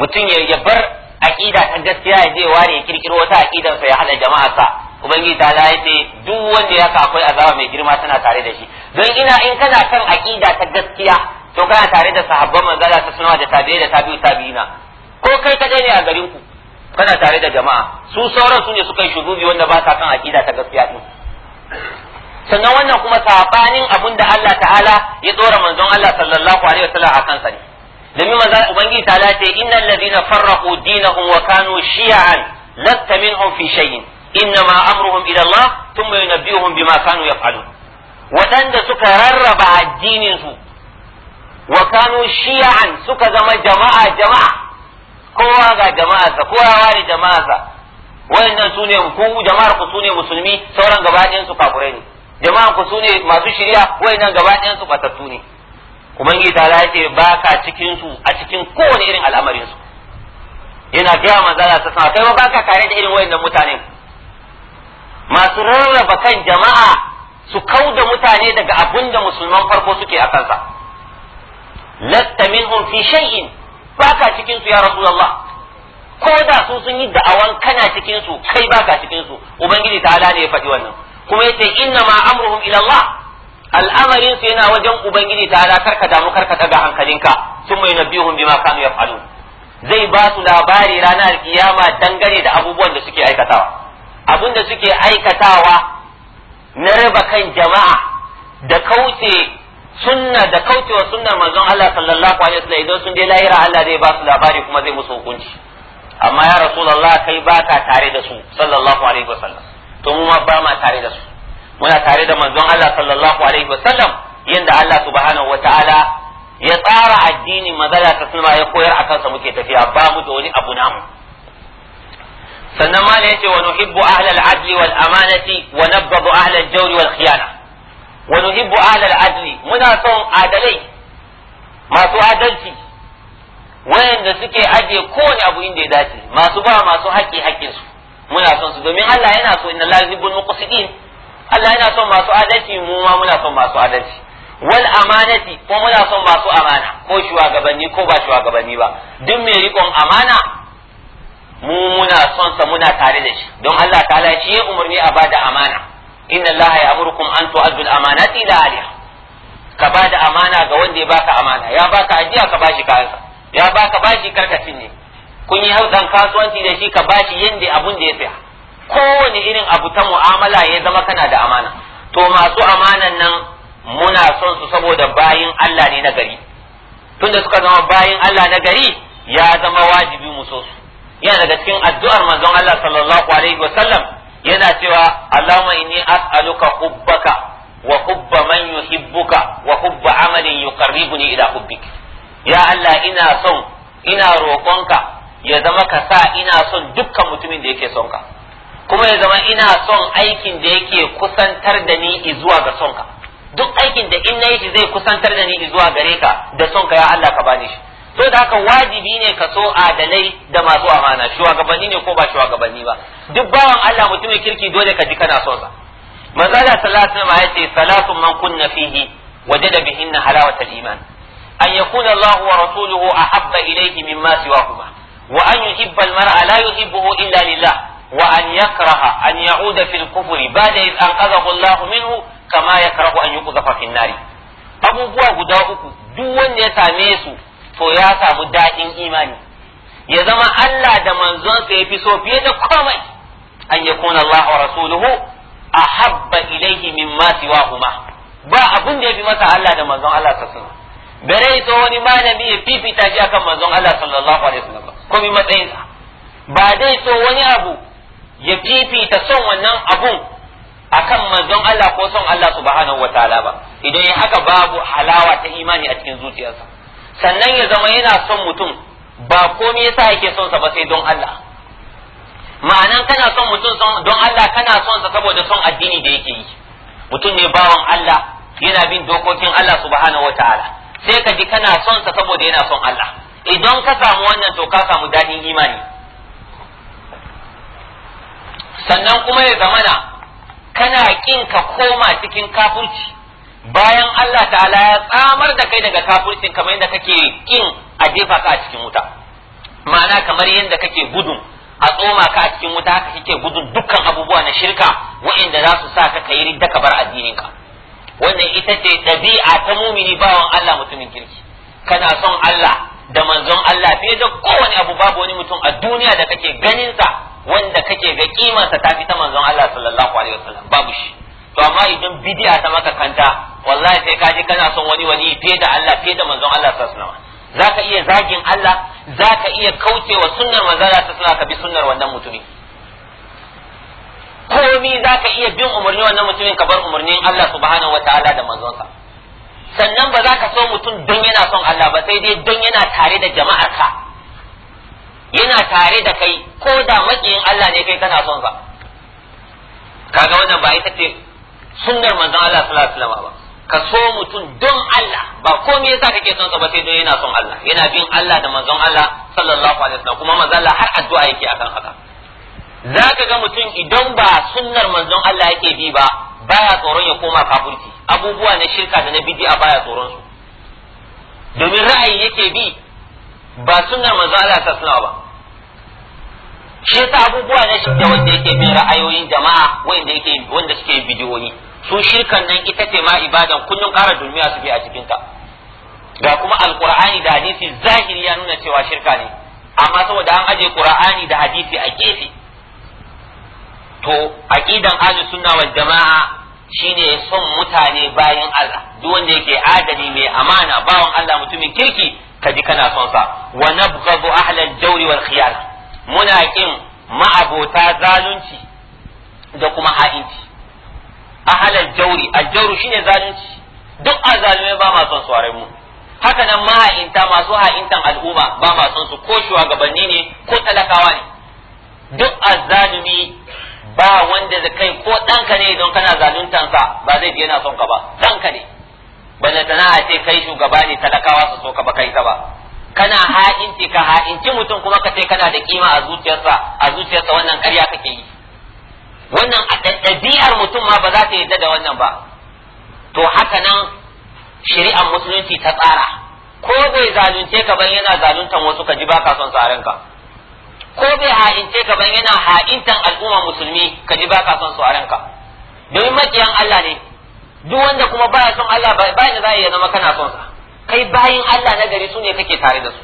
mutum ya bar aqida ta gaskiya ya je ware ya kirkiro wata aqidar sa ya hada jama'a sa ubangiji ta zai ce duk wanda ya akwai azaba mai girma tana tare da shi don ina in kana kan aqida ta gaskiya to kana tare da sahabban manzala ta suna da tabi'i da tabi'u tabi'ina ko kai kadai ne a garin ku kana tare da jama'a su sauran su ne suka yi shugubi wanda ba sa kan aqida ta gaskiya din sannan wannan kuma sabanin abin da Allah ta'ala ya dora manzon Allah sallallahu alaihi wasallam a kansa ne domin manzon ubangiji ta ce innal ladina farraqu dinahum wa kanu shi'an lasta minhum fi shay'in innama amruhum ila Allah thumma yunabbihum bima kanu yaf'alun waɗanda suka rarraba addinin su wa kanu shi'an suka zama jama'a jama'a kowa ga jama'arsa kowa jama'a sa, wayannan sune ku jama'ar ku sune musulmi sauran gaba ɗayan su kafirai ne jama'an ku sune masu shirya wayannan gaba ɗayan su batattu ne ubangiji ta yace yake baka cikin su a cikin kowane irin al'amarin su yana gaya manzala ta sama kai ma baka tare da irin wayannan mutanen masu rarraba kan jama'a su kauda mutane daga abun da musulman farko suke a kansa lasta minhum fi shay'in baka cikin su ya rasulullah ko da su sun yi da'awan kana cikin su kai baka cikin su ubangiji ta ne ya faɗi wannan kuma yace inna ma amruhum ila Allah al'amarin su yana wajen ubangiji ta ala karka damu karka daga hankalinka sun mai nabihun bima kanu ya yaf'alu zai ba su labari rana kiyama dangane da abubuwan da suke aikatawa abun da suke aikatawa na raba kan jama'a da kauce sunna da kaucewa sunna manzon Allah sallallahu alaihi wasallam idan sun je lahira Allah zai ba su labari kuma zai musu hukunci amma ya rasulullah kai baka tare da su sallallahu alaihi wasallam to mu ma ba ma tare da su muna tare da manzon Allah sallallahu alaihi wasallam yanda Allah subhanahu wataala ya tsara addini mazala ta sunma ya koyar akan sa muke tafiya ba mu da wani abu namu sannan ma ne yace wa nuhibbu ahla al-adli wal amanati wa nabghadu ahla al-jawri wal khiyana wa nuhibbu ahla al-adli muna son adalai masu adalci wayanda suke aje kowane abu inda ya dace masu ba masu haƙƙi haƙƙinsu muna son su domin Allah yana so inna la yuhibbul muqsitin Allah yana son masu adalci mu ma muna son masu adalci wal amanati ko muna son masu amana ko shugabanni ko ba shugabanni ba duk mai rikon amana mu muna son sa muna tare da shi don Allah ta'ala shi ya umarni a bada amana inna Allah ya amurkum an tu'addu al amanati ila ahliha ka bada amana ga wanda ya baka amana ya baka ajiya ka bashi kayansa ya baka bashi karkacin ne kun yi haudan kasuwanci da shi ka bashi yadda abun da ya saya kowane irin abu ta mu'amala ya zama kana da amana to masu amanan nan muna son su saboda bayin Allah ne na gari tunda suka zama bayin Allah na gari ya zama wajibi mu so su yana daga cikin addu'ar manzon Allah sallallahu alaihi wa sallam yana cewa Allahumma inni as'aluka hubbaka wa hubba man yuhibbuka wa hubba amalin yuqarribuni ila hubbik ya Allah ina son ina roƙonka ya zama ka sa ina son dukkan mutumin da yake son ka kuma ya zama ina son aikin da yake kusantar da ni zuwa ga son ka duk aikin da in shi zai kusantar da ni zuwa gare ka da son ka ya Allah ka bani shi to da haka wajibi ne ka so adalai da masu amana shugabanni ne ko ba shugabanni ba duk bawan Allah mutumin kirki dole ka ji kana sonsa. sa manzo Allah sallallahu alaihi wasallam ya ce salatu man kunna fihi wajada bihinna halawatal iman an yakuna Allahu wa rasuluhu ahabba ilayhi mimma siwahuma wa an yuhibba al-mar'a la yuhibbuhu illa lillah wa an yakraha an ya'uda fil kufri ba'da id anqadhahu Allah minhu kama yakrahu anyi yuqdhafa fin nar abubuwa guda uku duk wanda ya same su to ya samu daɗin imani ya zama Allah da manzonsa ya fi so fiye da komai an yakuna Allah wa rasuluhu ahabba ilayhi mimma siwahuma ba abin da ya fi masa Allah da manzon Allah sallallahu bare so wani malami ya fifita shi akan manzon Allah sallallahu alaihi wasallam ko bi matsayinsa ba dai so wani abu ya fifita son wannan abun akan manzon Allah ko son Allah subhanahu wataala ba idan ya haka babu halawa ta imani a cikin zuciyarsa sannan ya zama yana son mutum ba komai yasa yake son sa ba sai don Allah ma'anan kana son mutum don Allah kana son sa saboda son addini da yake yi mutum ne bawan Allah yana bin dokokin Allah subhanahu wataala sai ka ji kana son sa saboda yana son Allah idan ka samu wannan to ka samu dadin imani sannan kuma ya zamana kana kin ka koma cikin kafurci bayan Allah ta'ala ya tsamar da kai daga kafurcin kamar yadda kake kin a jefa ka a cikin wuta ma'ana kamar yadda kake gudun a tsoma ka a cikin wuta haka kake gudun dukkan abubuwa na shirka wa'inda za su sa ka kayi ridda ka bar addinin ka wannan ita ce ɗabi'a ta mumini bawan Allah mutumin kirki kana son Allah da manzon Allah fiye da kowane abu babu wani mutum a duniya da kake ganin sa wanda kake ga kimansa ta fi ta manzon Allah sallallahu alaihi wasallam babu shi to amma idan bid'a ta maka kanta wallahi sai ka kana son wani wani fiye da Allah fiye da manzon Allah sallallahu alaihi wasallam zaka iya zagin Allah zaka iya kaucewa sunnar manzon Allah sallallahu alaihi wasallam ka bi sunnar wannan mutumin komi za ka iya bin umarni wannan mutumin ka bar umarnin Allah subhanahu wa ta'ala da manzonsa sannan ba za ka so mutum don yana son Allah ba sai dai don yana tare da jama'arka yana tare da kai ko da makiyin Allah ne kai kana son sa kaga wannan ba ita ce sunnar manzon Allah sallallahu alaihi ba ka so mutum don Allah ba komai yasa kake son sa ba sai don yana son Allah yana bin Allah da manzon Allah sallallahu alaihi wasallam kuma manzon Allah har addu'a yake akan haka za ka ga mutum idan ba sunnar manzon Allah yake bi ba baya tsoron ya koma kafirci abubuwa na shirka da na a baya tsoron su domin ra'ayi yake bi ba sunnar manzon Allah ta suna ba shi yasa abubuwa na shirka wanda yake bin ra'ayoyin jama'a wanda yake wanda suke bidiyoyi su shirkan nan ita ce ma ibadan kullun kara su suke a cikin ta ga kuma alqur'ani da hadisi zahiri ya nuna cewa shirka ne amma saboda an aje qur'ani da hadisi a gefe to aqidan ahlus sunna wal jama'a shine son mutane bayan Allah duk wanda yake adali mai amana bawan Allah mutumin kirki kaji kana son sa wa nabghadu ahlal jawri wal khiyar muna kin ma'abota zalunci da kuma ha'inci ahlal jawri al jawru shine zalunci duk azalume ba ma son su mu haka nan maha'inta masu ha'intan al'umma ba ma son su ko shugabanni ne ko talakawa ne duk azzalumi ba wanda da kai ko ɗanka ne don kana zaluntansa ba zai je yana son ka ba ɗanka ne bane tana a ce kai shugaba ne talakawa su so ka ba kai ta ba kana ha'inci ka ha'inci mutum kuma ka ce kana da kima a zuciyarsa a zuciyarsa wannan ƙarya kake yi wannan a ɗabi'ar mutum ma ba za ta yarda da wannan ba to haka nan shari'ar musulunci ta tsara ko bai zalunce ka ba yana zaluntan wasu ka ji ba ka son sa ka ko bai ha'ince ka ban yana ha'intan al'umma musulmi ka ji baka son su a ranka domin makiyan Allah ne duk wanda kuma baya son Allah ba ba za ya zama kana son sa kai bayin Allah na gari su ne kake tare da su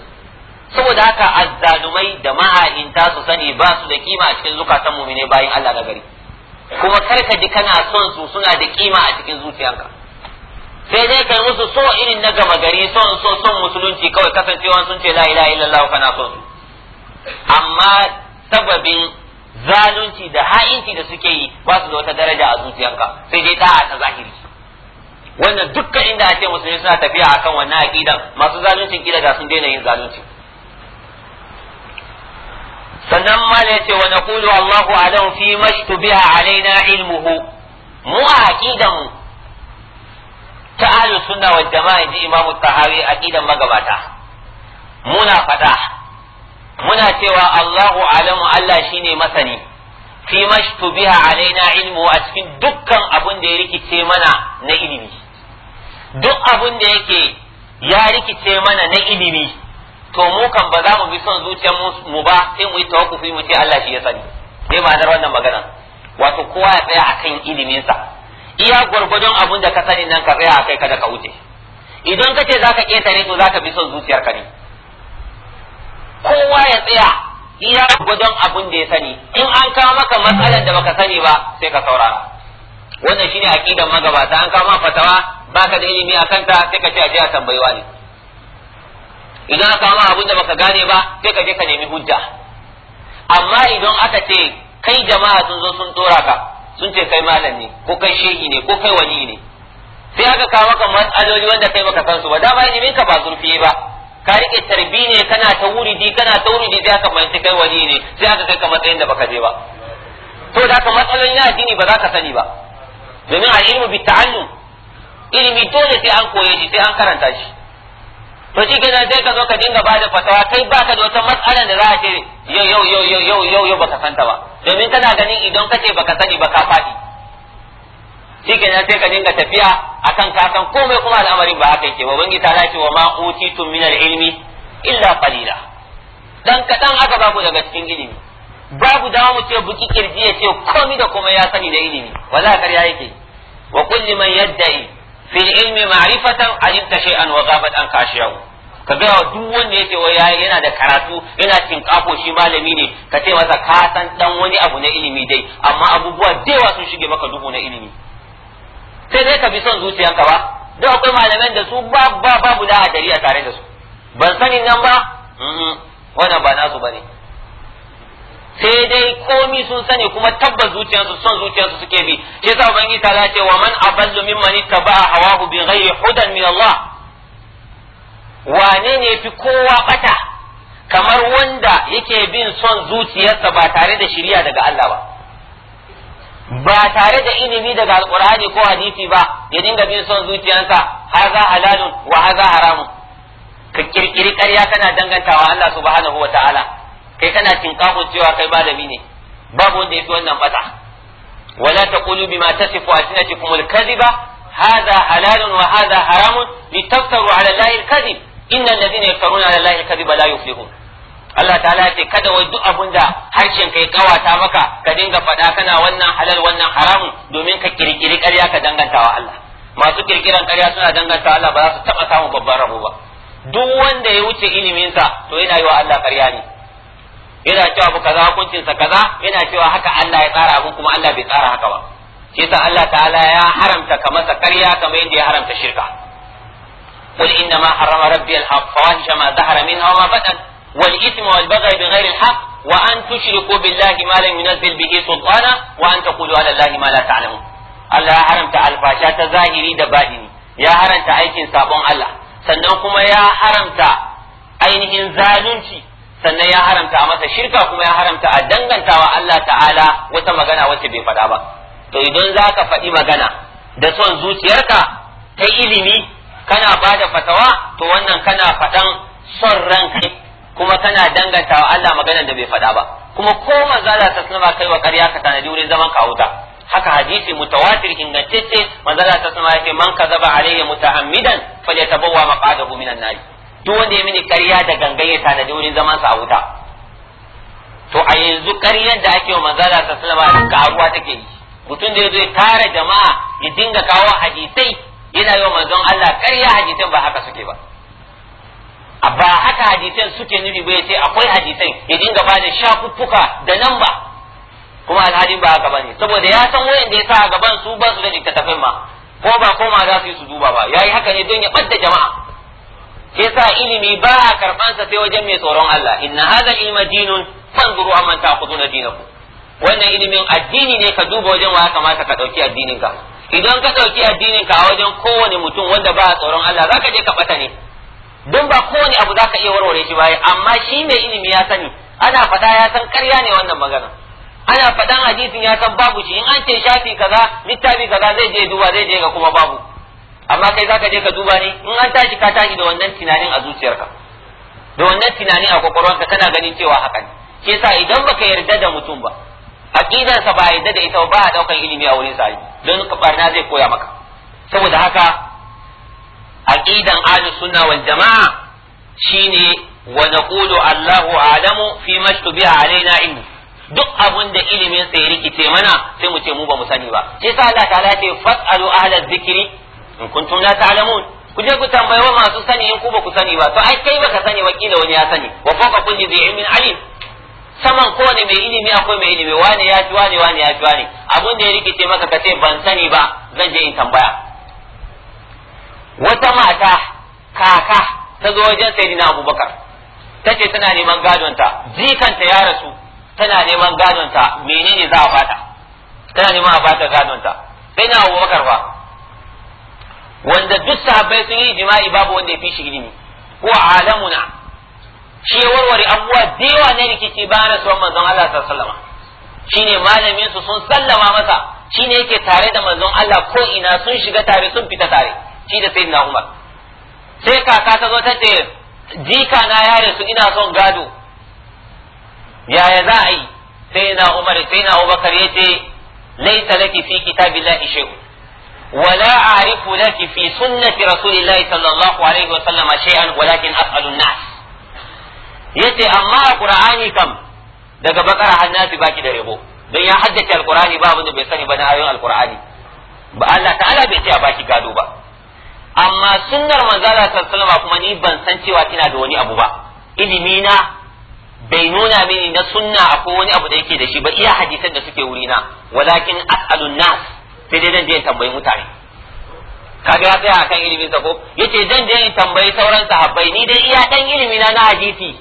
saboda haka azzalumai da maha'inta su sani ba su da kima a cikin zukatan mu'mine bayin Allah na gari kuma kar ka ji kana son su suna da kima a cikin zuciyanka sai dai kai musu so irin na gama gari son son son musulunci kawai kasancewa sun ce la ilaha illallah kana son su amma sababin zalunci da ha'inci da suke yi ba su da wata daraja a zuciyanka sai dai ta'a ta zahiri wannan dukkan inda ake musulmi suna tafiya akan wannan aqidan masu zaluncin kila da sun daina yin zalunci sannan ma ne ce wa naqulu Allahu alam fi mashtubiha alaina ilmuhu mu aqidan ta ahlus sunna wal jama'a ji imamu tahawi aqidan magabata muna fada muna cewa Allahu alamu Allah shine masani fi mashtubiha alaina ilmu a cikin dukkan abun da ya rikice mana na ilimi duk abun da yake ya rikice mana na ilimi to mu kan ba za mu bi son zuciyar mu ba sai mu yi tawakkufi mu ce Allah shi ya sani me ma'anar wannan magana wato kowa ya tsaya akan ilimin sa iya gwargwadon abun da ka sani nan ka tsaya akai kada ka wuce idan ka kace zaka ketare to zaka bi son zuciyar ka ne kowa ya tsaya iya gudun abin da ya sani in an kawo maka matsalar da baka sani ba sai ka saurara wannan shine aqidar magabata an kawo maka fatawa baka da ilimi a kanta sai ka ce a je a tambayi wani idan aka kawo abin da baka gane ba sai ka je ka nemi hujja amma idan aka ce kai jama'a sun zo sun tura ka sun ce kai malam ne ko kai shehi ne ko kai wani ne sai aka kawo maka matsaloli wanda kai baka san su ba dama ilimin ka ba zurfi ba ka rike tarbi ne kana ta wuridi kana ta wuridi sai aka fahimci kai wani ne sai aka kai ka matsayin da baka je ba to da ka matsalolin addini ba za ka sani ba domin a ilimi bi ta'allum ilimi dole sai an koye shi sai an karanta shi to shi kenan sai ka zo ka dinga bada fatawa kai baka da wata matsalar da za a ce yau yau yau yau yau yau baka santa ba domin kana ganin idan kace ce baka sani ba ka faɗi shikenan sai ka dinga tafiya akan ka san komai kuma al'amarin ba haka yake ba bangi ta lace wa ma utitum min ilmi illa qalila dan kadan aka ba daga cikin ilimi babu dama mu ce buki kirji ya ce komai da komai ya sani da ilimi wala kar ya yake wa kulli man yadda'i fi ilmi ma'rifatan alimta shay'an wa ghabat an kashiyahu ka ga duk wanda yake wai yana da karatu yana cin kafo shi malami ne ka ce masa ka san dan wani abu na ilimi dai amma abubuwa da yawa sun shige maka duhu na ilimi sai dai ka bi son zuciyanka ba don akwai malaman da su ba ba babu da hadari a tare da su ban sani nan ba wannan ba nasu bane sai dai komi sun sani kuma tabbas zuciyarsu son zuciyarsu suke bi shi yasa ubangiji ta ce wa man aballu mimman ittaba'a hawahu bi ghairi hudan min Allah wane ne fi kowa bata kamar wanda yake bin son zuciyarsa ba tare da shiriya daga Allah ba ba tare da ilimi daga alkur'ani ko hadisi ba ya dinga bin son zuciyarsa haza halalun wa haza haramun ka kirkiri ƙarya kana dangantawa Allah subhanahu wa ta'ala kai kana tinkafin cewa kai malami ne babu wanda yafi wannan bata wala taqulu bima tasifu alsinatukum alkadhiba hadha halalun wa hadha haramun litaftaru ala allahi alkadhib inna alladhina yaftaruna ala allahi alkadhiba la yuflihun Allah ta'ala ce kada wai duk abin da harshen kai kawata maka ka dinga faɗa kana wannan halal wannan haramun domin ka kirkiri ƙarya ka dangantawa Allah masu kirkiran ƙarya suna dangantawa Allah ba za su taɓa samun babban rabo ba duk wanda ya wuce iliminsa to yana yi wa Allah ƙarya ne yana cewa abu kaza hukuncinsa kaza yana cewa haka Allah ya tsara abin kuma Allah bai tsara haka ba shi yasa Allah ta'ala ya haramta ka masa ƙarya kamar yadda ya haramta shirka قل إنما حرم ربي ma zahara ظهر wa ma بطن والإثم والبغي بغير الحق وأن تشركوا بالله ما لم ينزل به سلطانا وأن تقولوا على da ما لا تعلمون Allah ya haramta alfasha ta zahiri da badini ya haramta aikin sabon Allah sannan kuma ya haramta ainihin zalunci sannan ya haramta a masa shirka kuma ya haramta a dangantawa Allah ta'ala wata magana wacce bai faɗa ba to idan za ka faɗi magana da son zuciyarka ta ilimi kana bada fasawa to wannan kana faɗan son ranka kuma kana danganta wa Allah maganar da bai faɗa ba kuma ko Allah ta sanar kai wa ƙarya ka tanadi wurin zaman ka wuta haka hadisi mutawatir ingantacce Allah ta sanar yake man kazaba alayhi muta'ammidan falyatabawwa maqadahu minan nar duk wanda ya mini ƙarya da gangan ya tanadi wurin zaman sa wuta to a yanzu ƙaryar da ake wa Allah ta karuwa take yi mutum da ya zo ya tara jama'a ya dinga kawo hadisai yana yi wa manzon Allah ƙarya hadisai ba haka suke ba ba haka hadisan suke nufi ba sai akwai hadisan ya dinga ba da shafuffuka da nan ba kuma alhalin ba haka bane saboda ya san wayan da ya sa a gaban su ba su da littattafai ma ko ba koma za su yi su duba ba yayi haka ne don ya ɓadda jama'a Ke sa ilimi ba a karɓansa sai wajen mai tsoron Allah inna hadha ilma dinun fanzuru amman ta'khuduna dinakum wannan ilimin addini ne ka duba wajen wa ya kamata ka ɗauki addinin ka idan ka ɗauki addinin ka a wajen kowane mutum wanda ba a tsoron Allah zaka je ka ɓata ne don ba kowane abu za ka iya warware shi baya amma shi mai ilimi ya sani ana faɗa ya san ƙarya ne wannan magana ana faɗan hadisin ya san babu shi in an ce shafi kaza littafi kaza zai je duba zai je ga kuma babu amma kai za ka je ka duba ne in an tashi ka tashi da wannan tunanin a zuciyarka da wannan tunanin a kwakwalwarka kana ganin cewa haka ne ke sa idan baka yarda da mutum ba aqidarsa ba yarda da ita ba a daukan ilimi a wurin sa don barna zai koya maka saboda haka aqidan ahlus sunna wal jamaa shine wa naqulu allahu Adamu fi mashtubiha alaina duk abun da ilimin sai ya rikice mana sai mu ce mu ba mu sani ba shi yasa Allah ta'ala ce fasalu ahla dhikri in kuntum la ta'lamun ku je ku tambayi wa masu sani in ku ba ku sani ba to ai kai baka sani ba kila wani ya sani wa fa kun ji ilmin alim saman kowane mai ilimi akwai mai ilimi Wani ya fi wani wani ya fi wani abun da ya rikice maka ka ce ban sani ba zan je in tambaya wata mata kaka ta zo wajen dina abubakar ta ce tana neman gadonta jikanta ya rasu tana neman gadonta menene za a fata? tana neman a fata gadonta sai na abubakar ba wanda duk sahabbai sun yi jima'i babu wanda ya fi shi ilimi ko alamuna shi warware abubuwa da yawa na rikici ba na rasuwar manzon Allah Ta sallama. Shi shine malamin su sun sallama masa shine yake tare da manzon Allah ko ina sun shiga tare sun fita tare shi da sayyidina Umar sai kaka ta zo ta ce jika na yare su ina son gado yaya za a yi sayyidina Umar sayyidina Abubakar ya ce laisa laki fi kitabillahi shay'un ولا أعرف لك في سنة رسول الله صلى الله عليه وسلم شيئا ولكن أسأل الناس yace amma a qur'ani kam daga bakara hannati baki da rabo don ya haddace alqur'ani ba abin da bai sani ba na ayoyin alqur'ani ba Allah ta'ala bai ce a baki gado ba amma sunnar manzala sallallahu kuma ni ban san cewa kina da wani abu ba ilimi na bai nuna mini na sunna akwai wani abu da yake da shi ba iya hadisan da suke wuri na walakin as'alun nas sai dai dan je tambayi mutane kaga ya tsaya akan ilimin sa ko yace dan je in tambayi sauran sahabbai ni dai iya dan ilimi na na hadisi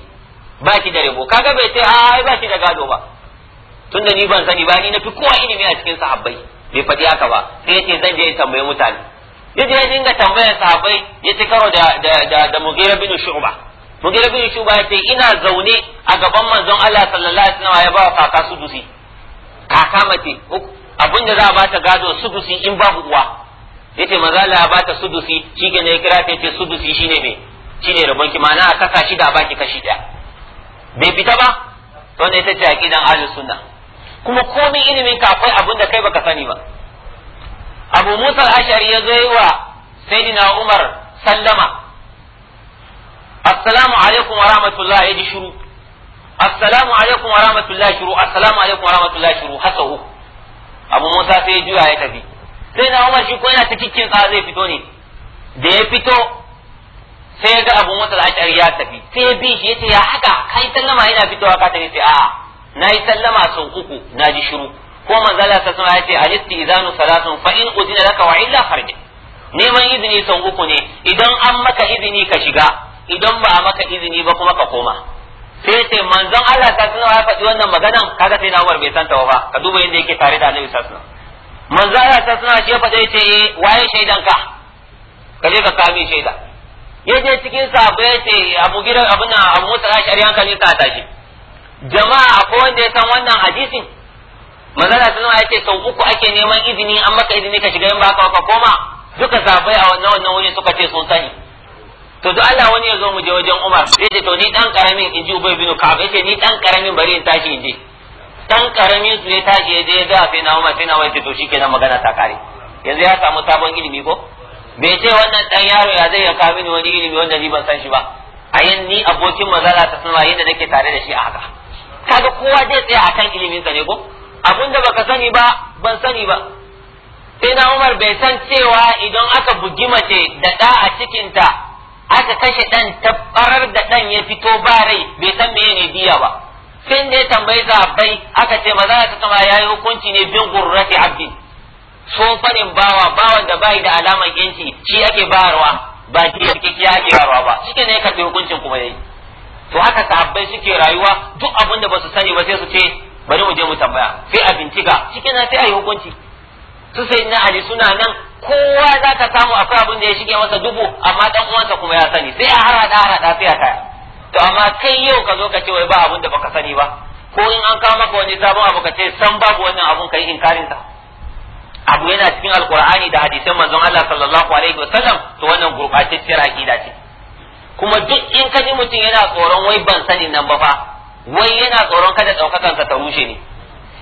ba shi da rabo kaga bai ce ai ba shi da gado ba tunda ni ban sani ba ni na fi kowa ilimi a cikin sahabbai bai faɗi haka ba sai yace zan je in tambayi mutane yaje ya dinga tambayar sahabbai ya ce karo da da da Mughira bin Shu'ba mugira bin Shu'ba ya ce ina zaune a gaban manzon Allah sallallahu alaihi wasallam ya ba wa kaka dusi kaka mace abin da za a bata gado sudusi in ba uwa yace manzo Allah ya bata sudusi shike ne kira ta yace sudusi shine me shine rabon ki ma'ana a kasa shi da baki kashi daya bai fita ba to ne ta ce aqidan ahlus sunna kuma komai ilimin ka akwai abin da kai baka sani ba abu musa ashari ya zo wa sayyidina umar sallama assalamu alaikum wa rahmatullah ya ji shiru assalamu alaikum wa rahmatullah shiru assalamu alaikum wa rahmatullah shiru hasa uku abu musa sai ya juya ya tafi sai na umar shi ko yana ta kikkin tsa zai fito ne da ya fito sai ya ga abu musa al-ashari ya tafi sai ya bi shi ya ce ya haka kai sallama yana fitowa ka tafi sai a'a nayi sallama sau uku na ji shiru ko manzala ta suna ce alisti izanu salatun fa in udina laka wa illa farji neman izini sau uku ne idan an maka izini ka shiga idan ba a maka izini ba kuma ka koma sai sai manzon Allah ta suna ya faɗi wannan maganan kaga sai na bai san ba ka duba yadda yake tare da Annabi sallallahu alaihi wasallam manzo Allah ta suna shi ya faɗi ce eh, waye shaidan ka ka je ka kame shaida yaje cikin sahabbai ya ce Abu Gidan abuna Abu Musa shari'an ka kan ta tashi jama'a akwai wanda ya san wannan hadisin mazana sun alaihi ya sau uku ake neman izini an maka izini ka shiga in ba ka koma duka sabai a wannan wannan wuri suka ce sun sani to duk Allah wani ya zo mu je wajen Umar ce to ni dan karamin in ji Ubay binu Ka'ab ce ni dan karamin bari in tashi in je dan karamin su ya tashi ya je ya ga na Umar sai na wai to shikenan magana ta kare yanzu ya samu sabon ilimi ko bai ce wannan dan yaro ya zai ya kawo mini wani ilimi wanda ni ban san shi ba a yin ni abokin mazala ta sanwa yadda nake tare da shi a haka kaga kowa zai tsaya akan ilimin sa ne ko da baka sani ba ban sani ba sai na umar bai san cewa idan aka bugi mace da ɗa a cikinta aka kashe ɗan tabbarar da ɗan ya fito ba rai bai san me ne biya ba sai ne tambayi bai aka ce maza ta kama yayi hukunci ne bin gurrati abdi sofanin bawa bawan da bai da alaman yanci shi ake bayarwa ba yake kikiya ake bayarwa ba shi ne ka karɓi hukuncin kuma yayi to haka sahabbai suke rayuwa duk abin da ba su sani ba sai su ce bari mu je mu tambaya sai a bincika cikin na sai a yi hukunci su sai na ali suna nan kowa za ka samu akwai abin da ya shige masa dubu amma dan uwansa kuma ya sani sai a harada harada sai a kaya to amma kai yau ka zo ka ce wai ba abin da baka sani ba ko in an kawo maka wani sabon abu ka ce san babu wannan abun kai inkarin sa abu yana cikin alkur'ani da hadisan manzon Allah sallallahu alaihi wasallam to wannan gurbatacciyar akida ce kuma duk in ka ji mutum yana tsoron wai ban sani nan ba fa wai yana tsoron kada ɗaukakansa ta rushe ne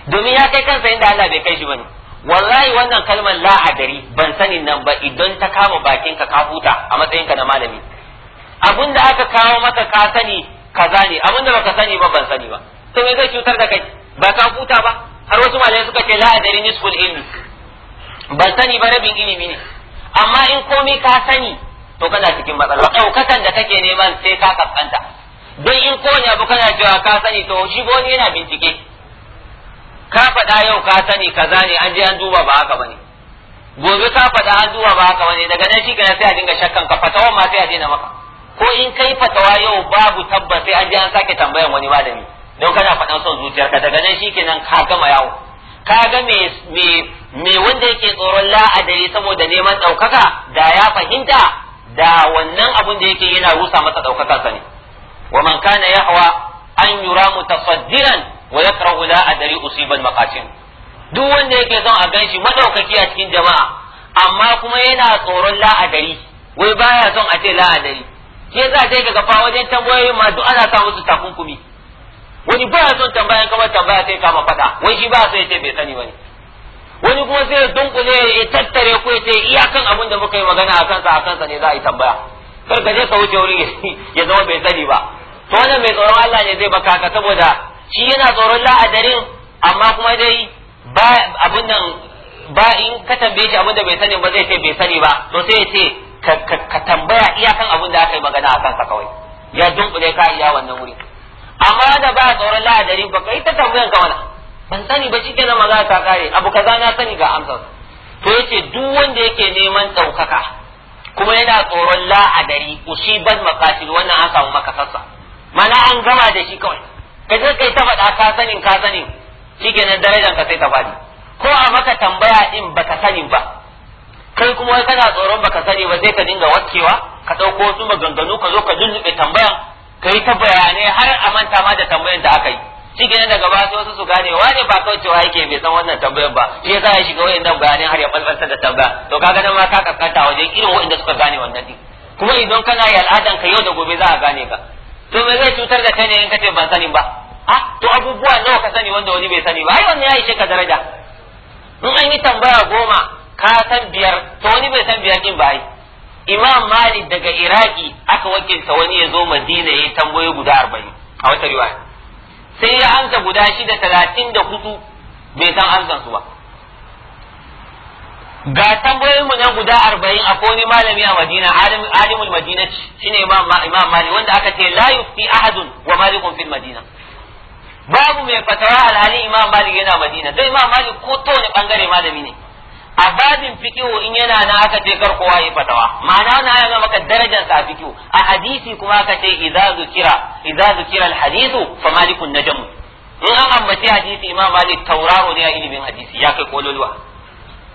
domin ya kai kansa inda Allah bai kai shi bane wallahi wannan kalmar la adari ban sani nan ba idan ta kama bakin ka huta a matsayinka na malami abin da aka kawo maka ka sani kaza ne abin da baka sani ba ban sani ba to me zai cutar da kai ba ka huta ba har wasu malamai suka ce la adari nisful ilmi ban sani ba rabin ilimi ne amma in komai ka sani to kana cikin matsala ɗaukatan da kake neman sai ka kaskanta don in ne abu kana cewa ka sani to shi wani yana bincike ka faɗa yau ka sani kaza ne an je an duba ba haka bane gobe ka faɗa an duba ba haka bane daga nan shi kenan sai a dinga shakkan ka fatawa ma sai a daina maka ko in kai fatawa yau babu tabbas sai an je an sake tambayan wani malami don kana faɗan son zuciyarka daga nan shi ka gama yawo ka ga me me wanda yake tsoron la'adari saboda neman ɗaukaka da ya fahimta da wannan abun da yake yana rusa masa ɗaukakarsa ne wa man kana yahwa an yura mutasaddiran wa yakrahu la adari usiban maqatin duk wanda yake son a ganshi madaukaki a cikin jama'a amma kuma yana tsoron la wai baya son a ce la adari shi yasa sai ga fa wajen tambayoyin ma duk ana sa su takunkumi wani baya son tambayan kamar tambaya sai kama fada wai shi ba sai sai bai sani bane wani kuma sai ya dunkule ya tattare ko ya ce iyakan abin da muka yi magana a kansa a kansa ne za a yi tambaya kar ka je ka wuce wurin ya zama bai sani ba to wannan mai tsoron Allah ne zai baka ka saboda shi yana tsoron la'adarin amma kuma dai ba abun nan ba in ka tambaye shi abin da bai sani ba zai ce bai sani ba to sai ya ce ka tambaya iyakan abin da aka yi magana a kansa kawai ya dunkule ka iya wannan wuri amma da ba tsoron la'adarin ba kai ta tambayan ka wala ban sani ba cikin na magana ta kare abu kaza na sani ga amsar to yace duk wanda yake neman ɗaukaka kuma yana tsoron la'adari ban maqatil wannan an samu makasarsa mana an gama da shi kawai ka je kai ta faɗa ka sanin ka sanin shikenan darajar ka sai ta faɗi ko a maka tambaya in baka sani ba kai kuma wai kana tsoron baka sani ba sai ka dinga wakewa ka ɗauko wasu maganganu ka zo ka dunnuɓe tambayan ka yi ta bayanai har a manta ma da tambayan da aka yi shikenan daga baya sai wasu su gane wane ba kawai cewa yake bai san wannan tambayar ba shi yasa ya shiga wayannan bayanan har ya balbalta da tambaya to kaga nan ma ka kaskanta wajen irin wayanda suka gane wannan din kuma idan kana yi al'adan ka yau da gobe za a gane ka to me zai cutar da kai ne in kace ban sani ba A to abubuwa nawa ka sani wanda wani bai sani ba ai wannan ya ishe daraja in an yi tambaya goma ka san biyar to wani bai san biyar din ba ai imam malik daga iraki aka wakilta wani ya zo madina ya tambaye guda arba'in a wata riwaya sai ya amsa guda shida talatin da hudu bai san su ba ga tambayoyin mu na guda arba'in a wani malami a Madina alimul Madina shine imam Malik wanda aka ce la yufti ahadun wa malikun fil Madina babu mai fatawa alhali imam Malik yana Madina dai imam Malik ko to ne bangare malami ne a babin fikihu in yana na aka ce kar kowa yi fatawa ma'ana na ya ga maka darajar sa fikihu a hadisi kuma aka ce idza zukira idza zukira alhadithu fa malikun najm in an ambaci hadisi imam Malik tauraro ne a ilimin hadisi ya kai kololuwa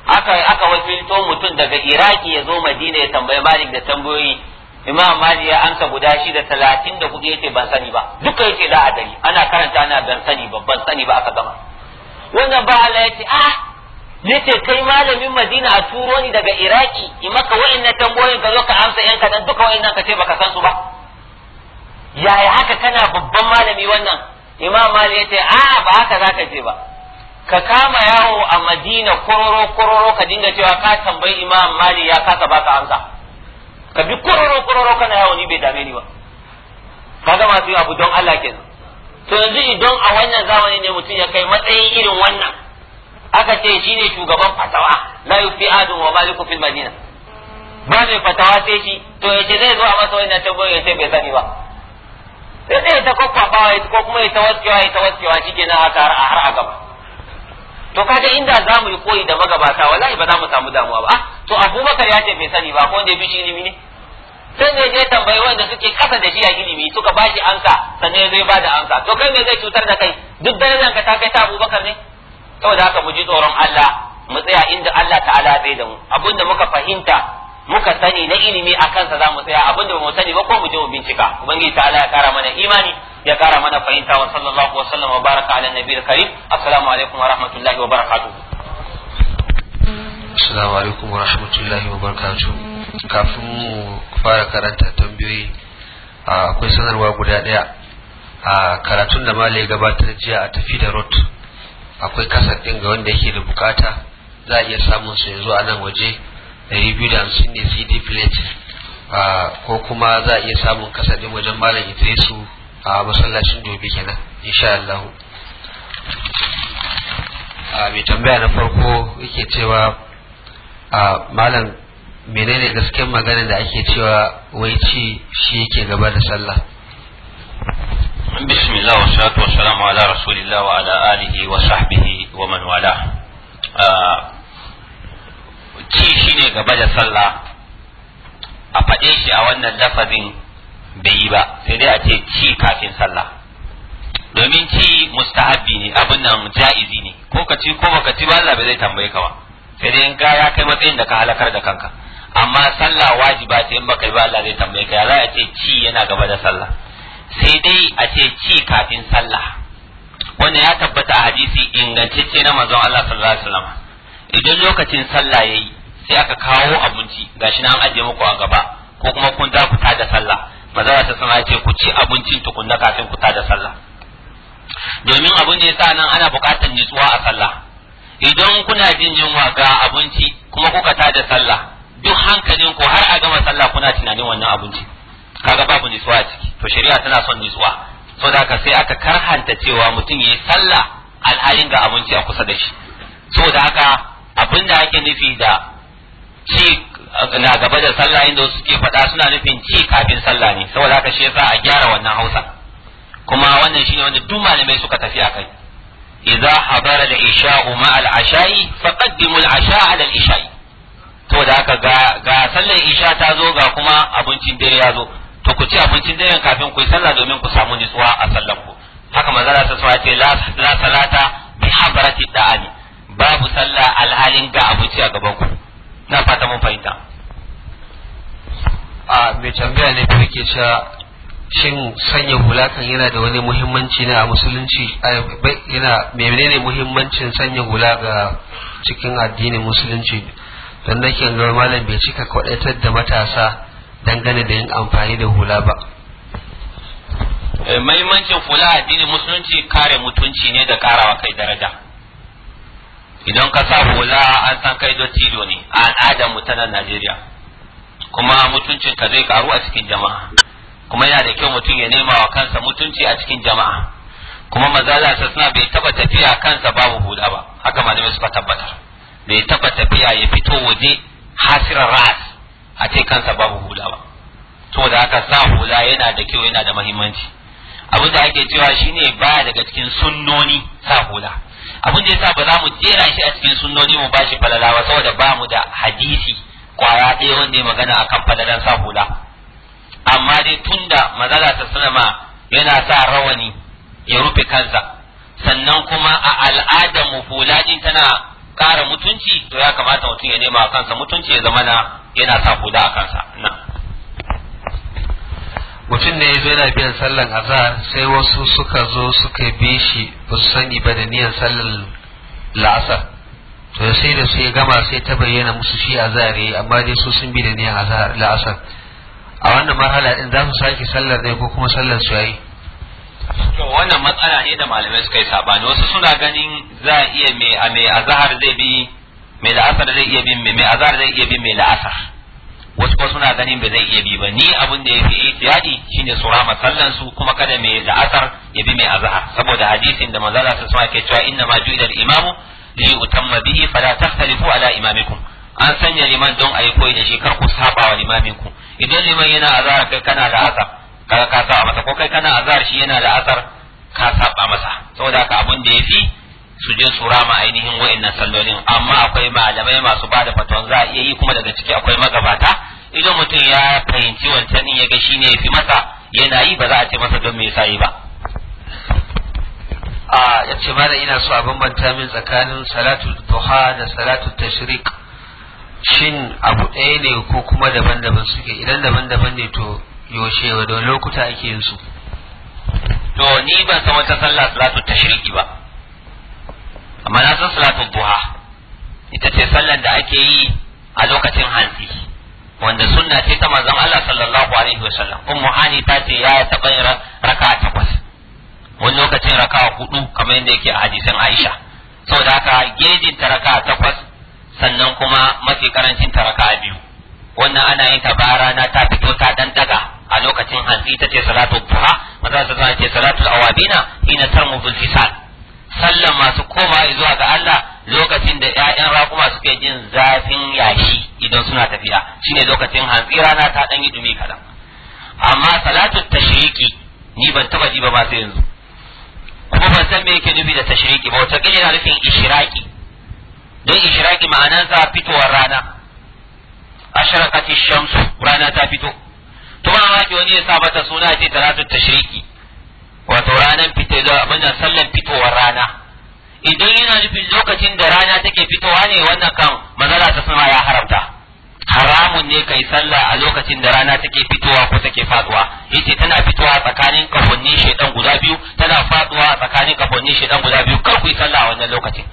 aka aka wakilto mutum daga iraki ya zo madina ya tambayi malik da tambayoyi imam malik ya amsa guda shi da talatin da kuɗi yace ban sani ba duka yace da adali ana karanta ana ban sani ba ban sani ba aka gama wannan ba Allah yace ah yace kai malamin madina a turo ni daga iraki in maka wa'annan tambayoyin ka zo ka amsa yan kadan duka wa'annan ka ce baka san su ba yaya haka kana babban malami wannan imam malik yace a ah, ba haka zaka ce ba ka kama yawo a madina kororo kororo ka dinga cewa ka tambayi imam mali ya kasa baka amsa ka bi kororo kororo kana yawo ni bai dame ni ba kaga masu yi abu don Allah ke. to yanzu idan a wannan zamani ne mutum ya kai matsayin irin wannan aka ce shi ne shugaban fatawa la yufi adun wa maliku fil madina ba mai fatawa sai shi to ya ce zai zo a masa wannan tambayoyi ya ce bai sani ba sai dai ta kwakwabawa ko kuma ya tawaskewa ya tawaskewa kenan a har a gaba to kaje inda za mu yi koyi da magabata wallahi ba za mu samu damuwa ba ah, to abubakar ya ce bai sani ba ko wanda ya fi shi ilimi ne sai ne je tambayi wanda suke kasa da shi a ilimi suka ba shi anka sannan zai ba da anka to kai me zai cutar da kai duk darajar ka ta kai ta abubakar ne saboda haka mu ji tsoron Allah mu tsaya inda Allah ta'ala zai da mu abinda muka fahimta muka sani na ilimi a kansa za mu tsaya abinda ba mu sani ba ko mu je mu bincika ubangiji ta'ala ya kara mana imani ya kara mana fahimta wa sallallahu wa sallam wa baraka ala nabiyil karim assalamu alaikum wa rahmatullahi wa barakatuh assalamu alaikum wa rahmatullahi wa barakatuh kafin mu fara karanta tambayoyi akwai sanarwa guda daya a karatun da malai gabatar jiya a tafi da rot akwai kasar din ga wanda yake da bukata za a iya samun su yanzu a nan waje hamsin ne cd plate ko kuma za a iya samun kasar din wajen malam idrisu a masallacin dobe kenan insha Allah a mai tambaya na farko yake cewa a malam menene gasken magana da ake cewa wai ci shi yake gaba da sallah bismillah wa salatu wa salamu ala rasulillah wa ala alihi wa sahbihi wa man wala ci shi ne gaba da sallah a faɗe shi a wannan lafazin bai yi ba sai dai a ce ci kafin sallah domin ci mustahabbi ne abin nan ja'izi ne ko ka ci ko baka ci ba Allah bai zai tambaye ka ba sai dai in ka ya kai matsayin da ka halakar da kanka amma sallah wajiba ce in baka yi ba Allah zai tambaye ka ya za a ce ci yana gaba da sallah sai dai a ce ci kafin sallah wanda ya tabbata a hadisi ingantacce na manzon Allah sallallahu alaihi wasallam idan lokacin sallah yayi sai aka kawo abinci gashi na an ajiye muku a gaba ko kuma kun ta da sallah manzala ta sama ce ku ci abincin tukunna kafin ku da sallah domin abin da yasa nan ana bukatar nutsuwa a sallah idan kuna jin yunwa ga abinci kuma kuka ta da sallah duk hankalin ku har a gama sallah kuna tunanin wannan abinci kaga babu nutsuwa a ciki to shari'a tana son nutsuwa saboda haka sai aka karhanta cewa mutum yayi sallah alhalin ga abinci a kusa da shi saboda haka abin da ake nufi da ci na gaba da sallah inda suke faɗa suna nufin ci kafin sallah ne saboda haka shi yasa a gyara wannan Hausa kuma wannan shine wanda duk malamai suka tafi akai idza habara da isha'u ma al asha'i faqaddimu al asha'a ala al isha'i to da haka ga ga sallar isha ta zo ga kuma abincin dare ya zo to ku ci abincin dare kafin ku yi sallah domin ku samu nutsuwa a sallar ku haka manzara ta sa ce la salata bi habarati da'ani babu sallah alhalin ga abinci a gaban ku na fata mun fahimta a mai tambaya ne da ke cewa shin sanya hula kan yana da wani muhimmanci ne a musulunci yana menene muhimmancin sanya hula ga cikin addinin musulunci don nake ga malam bai cika kwadatar da matasa dangane da yin amfani da hula ba eh, muhimmancin hula addinin musulunci kare mutunci ne da karawa kai daraja idan ka sa hula an san kai don dottijo ne a al'adar mu na Najeriya kuma mutuncin ka zai karu a cikin jama'a kuma yana da kyau mutum ya nema wa kansa mutunci a cikin jama'a kuma mazala suna bai taba tafiya kansa babu hula ba haka malamai suka tabbatar bai taba tafiya ya fito waje hasirar ras a ce kansa babu hula ba to da haka sa hula yana da kyau yana da muhimmanci abin da ake cewa shine baya daga cikin sunnoni sa hula abin da yasa ba za mu jera shi a cikin sunnoni mu bashi falala ba saboda ba mu da hadisi kwaya ɗaya wanda ya magana akan falalan sa hula amma dai tunda mazala ta sanama yana sa rawani ya rufe kansa sannan kuma a al'adar mu hula din tana kara mutunci to ya kamata mutum ya nema a kansa mutunci ya zamana yana sa hula a kansa mutum ne ya zo yana biyan sallan azhar sai wasu suka zo suka bi shi ba su sani ba da niyan sallan la'asar to sai da su ya gama sai ta bayyana musu shi azhar yayi amma dai su sun bi da niyan azhar la'asar a wannan marhala din za su sake sallar ne ko kuma sallar su yayi to wannan matsala ne da malamai suka yi sabani wasu suna ganin za a iya me a mai azhar zai bi mai la'asar zai iya bin mai azhar zai iya bin mai la'asar wasu ko suna ganin ba zai iya bi ba ni abin da fi ihtiyadi shine su rama sallan su kuma kada mai la'asar ya bi mai azaha saboda hadisin da manzo Allah sallallahu alaihi wasallam ke cewa inna ma ju'ila al-imamu li yutamma bihi fala tahtalifu ala imamikum an sanya liman don ayi koyi da shi kar ku saba wa limaminku idan liman yana azhar kai kana la'asar kaga ka saba masa ko kai kana azhar shi yana la'asar ka saba masa saboda haka abin da yafi su je su rama ainihin wa'annan sallolin amma akwai malamai masu ba da faton za a iya yi kuma daga ciki akwai magabata idan mutum ya fahimci wancan ya ga shine ya fi masa yana yi ba za a ce masa don me yasa yi ba a ya ce ina so a bambanta min tsakanin salatu duha da salatu tashrik shin abu ɗaya ne ko kuma daban-daban suke idan daban-daban ne to yaushe wa lokuta ake yin su to ni ban san wata sallah salatu tashriki ba amma na san salatu duha ita ce sallar da ake yi a lokacin hantsi wanda sunna ce ta manzon Allah sallallahu alaihi wasallam ummu hani ta ce ya taɓa yin raka'a takwas wani lokacin raka'a hudu kamar yadda yake a hadisin Aisha saboda haka gejin ta raka'a takwas sannan kuma mafi karancin ta raka'a biyu wannan ana yin ta ba rana ta fito ta dan daga a lokacin hanzi ta ce salatu duha maza ta ce salatu awabina hina tarmu bil hisab sallan masu koma zuwa ga Allah lokacin da ƴaƴan raƙuma suke jin zafin yashi idan suna tafiya shine lokacin hantsi rana ta ɗan yi dumi kaɗan amma salatu tashiriki ni ban taba ji ba yanzu kuma ban san me yake nufi da tashriki ba wata kila yana nufin ishiraki don ishraqi ma'anansa fitowar rana ashirakati shamsu rana ta fito to ba wani ya sa mata suna ce salatu tashiriki. wato ranar fito da abin sallar fitowar rana idan yana nufin lokacin da rana take fitowa ne wannan kan mazala ta sama ya haramta haramun ne kai sallah a lokacin da rana take fitowa ko take faduwa yace tana fitowa tsakanin kafonni shedan guda biyu tana faduwa tsakanin kafonni shedan guda biyu kar ku yi sallah a wannan lokacin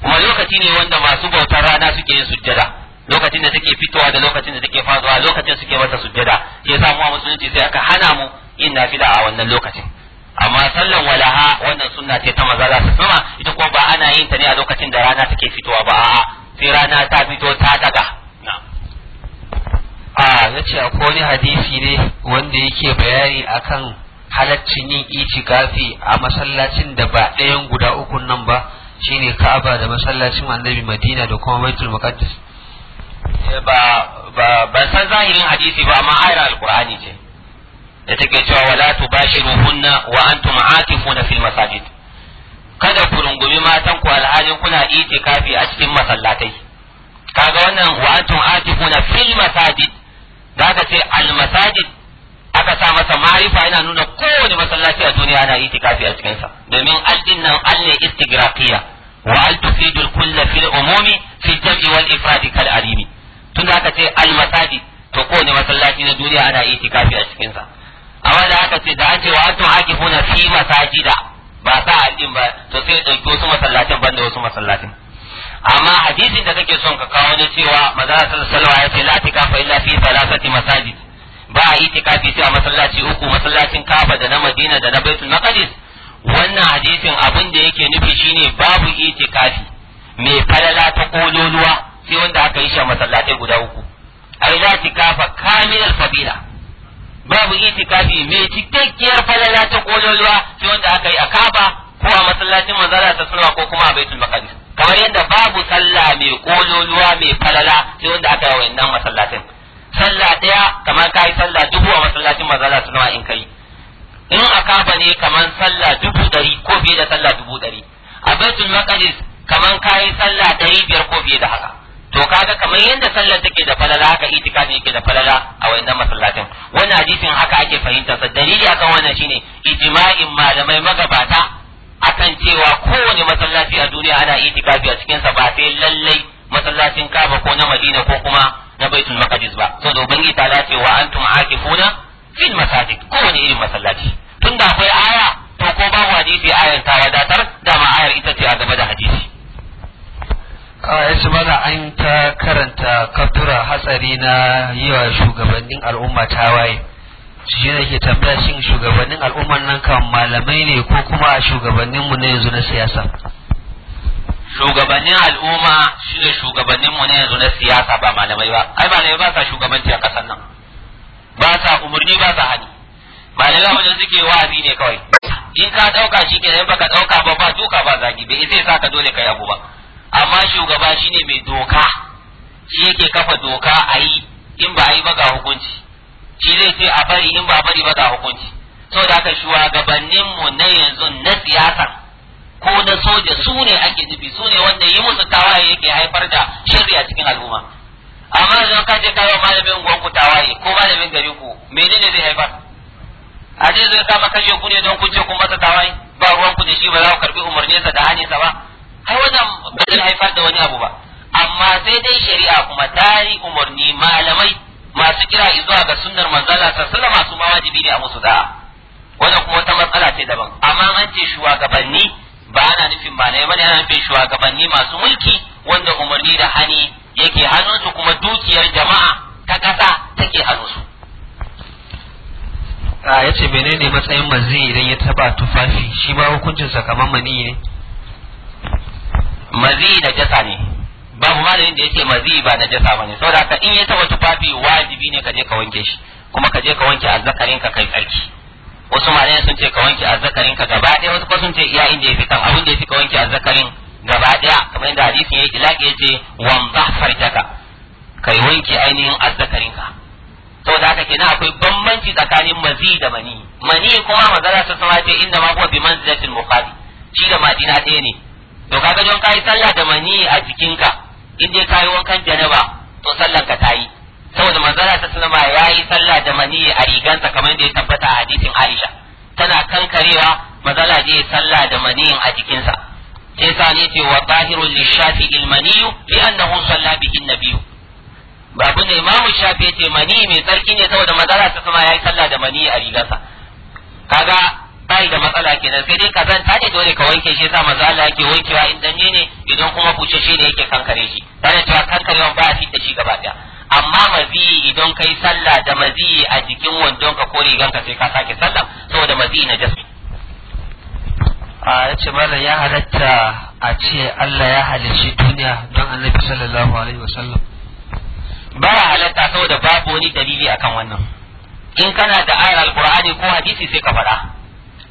kuma lokaci ne wanda masu bautar rana suke yin sujjada lokacin da take fitowa da lokacin da take faduwa lokacin suke mata sujjada Ya samu a musulunci sai aka hana mu yin nafila a wannan lokacin amma sallan walaha wannan sunna ce ta maza za su sama ita kuma ba ana yin ta ne a lokacin da rana take fitowa ba a'a sai rana ta fito ta daga a ya ce akwai wani hadisi ne wanda yake bayani akan halaccin yin itikafi a masallacin da ba ɗayan guda ukun nan ba shine Ka'aba da masallacin Annabi Madina da kuma Baitul Muqaddas eh, ba ba san zahirin hadisi ba amma ayar alqur'ani ce da take cewa wala tubashiruhunna wa antum aakifuna fil masajid kada ku rungumi matan ku alhalin kuna itikafi a cikin masallatai kaga wannan wa antum aakifuna fil masajid da aka ce al masajid aka sa masa ma'arifa yana nuna kowane masallaci a duniya ana itikafi a cikin sa domin al nan al ne wa al tufidu kull fil umumi fi jam'i wal ifrad kal alimi tunda aka ce al masajid to kowane masallaci na duniya ana itikafi a cikin sa a da aka ce da an ce wa antum aqifuna fi masajida ba sa addin ba to sai dauki wasu masallacin banda wasu masallacin amma hadisin da kake son ka kawo ne cewa maza sallallahu alaihi wasallam ya ce la fa illa fi thalathati masajid ba a itikafi sai a masallaci uku masallacin kafa da na Madina da na Baitul Maqdis wannan hadisin abin da yake nufi shine babu itikafi mai falala ta kololuwa sai wanda aka yi shi a masallatai guda uku ai la tikafa kamilal fadila babu itikafi mai cikakkiyar falala ta kololuwa sai wanda aka yi a kaba ko a masallacin manzara ta suna ko kuma a Baitul Maqdis kamar yadda babu sallah mai kololuwa mai falala sai wanda aka yi wayannan masallacin sallah daya kamar kai sallah dubu a masallacin manzara ta in kai in a kaba ne kamar sallah dubu dari ko fiye da sallah dubu dari a Baitul Maqdis kamar kai sallah dari biyar ko fiye da haka to kaga kamar yadda sallar take da falala haka itikafi yake da falala a wayannan masallacin wannan hadisin haka ake fahimta sa dalili akan wannan shine ijma'in malamai magabata akan cewa kowane masallaci a duniya ana itikafi a cikin sa ba sai lallai masallacin Kaaba ko na Madina ko kuma na Baitul Maqdis ba saboda ubangi ta ce wa antum akifuna fil masajid kowane irin masallaci tunda akwai aya to ko babu hadisi ayan ta wadatar da ma ya ci mana an ta karanta kaftura hatsari na yi wa shugabannin al'umma tawaye shi ke tambaya shin shugabannin al'ummar nan kan malamai ne ko kuma shugabanninmu na yanzu na siyasa shugabannin al'umma shi ne shugabanninmu na yanzu na siyasa ba malamai ba kai malamai ba sa shugabanci a kasar nan ba sa umarni ba sa hani malamai wajen suke wa'azi ne kawai in ka ɗauka shi ke baka ɗauka ba ba duka ba zagi bai sai sa ka dole ka yabo ba amma shugaba shine mai doka shi yake kafa doka a yi in ba a yi ba ga hukunci shi zai ce a bari in ba a bari ba ga hukunci da haka shugabanninmu na yanzu na siyasa ko na soja su ne ake zubi su ne wanda yi musu tawaye yake haifar da shirri a cikin al'umma amma da ka kaje kawo malamin gwanku tawaye ko malamin gari ku menene zai haifar a zai kama kashe ku ne don kun ce kun masa tawaye ba ruwan da shi ba za ku karbi umarninsa da hanyarsa ba Kai wannan ba zai haifar da wani abu ba amma sai dai shari'a kuma ta umarni malamai masu kira zuwa ga sunnar manzala sallallahu masu ma wajibi ne a musu da wannan kuma wata matsala ce daban amma an ce shugabanni ba ana nufin malamai bane ana nufin shugabanni masu mulki wanda umarni da hani yake hannunsu kuma dukiyar jama'a ta kasa take hannunsu a ya menene matsayin mazi idan ya taba tufafi shi ma sa kamar mani ne mazi na jasa ne babu malamin da yake mazi ba na jasa bane saboda haka in ya taba tufafi wajibi ne ka je ka wanke shi kuma ka je ka wanke azzakarin ka kai tsarki wasu malamai sun ce ka wanke azzakarin ka gaba ɗaya wasu kuma sun ce iya inda yafi kan abin da yafi ka wanke azzakarin gaba ɗaya kamar yadda hadisin yayi ilaki yace wanda farjaka kai wanke ainihin azzakarin ka saboda haka kenan akwai bambanci tsakanin mazi da mani mani kuma magana ta sama ce inda ma huwa bi manzilatil muqadi shi da madina ɗaya ne to kaga don kai sallah da mani a jikinka in dai kai wankan janaba to sallar ka tayi saboda manzara ta sallama yayi sallah da mani a rigansa kamar da ya tabbata a hadisin Aisha tana kankarewa manzala je sallah da mani a jikinsa sai sa ne ce wa tahirul Lishati ilmaniyu li annahu salla bihi nabiyyu babu ne imamu shafi ce mani mai tsarki ne saboda manzara ta sallama yayi sallah da mani a rigansa kaga bai da matsala kenan sai dai ta ne dole ka wanke shi sa maza Allah yake wankewa in danye ne idan kuma kuce shi ne yake kankare shi tare cewa kankarewan ba a da shi gaba daya amma mazi idan kai sallah da mazi a jikin wandon ka ko rigan ka sai ka sake sallah saboda mazi na jasu a yace mallan ya halatta a ce Allah ya halicci duniya don Annabi sallallahu alaihi wasallam ba halatta saboda babu wani dalili akan wannan in kana da ayar alqur'ani ko hadisi sai ka faɗa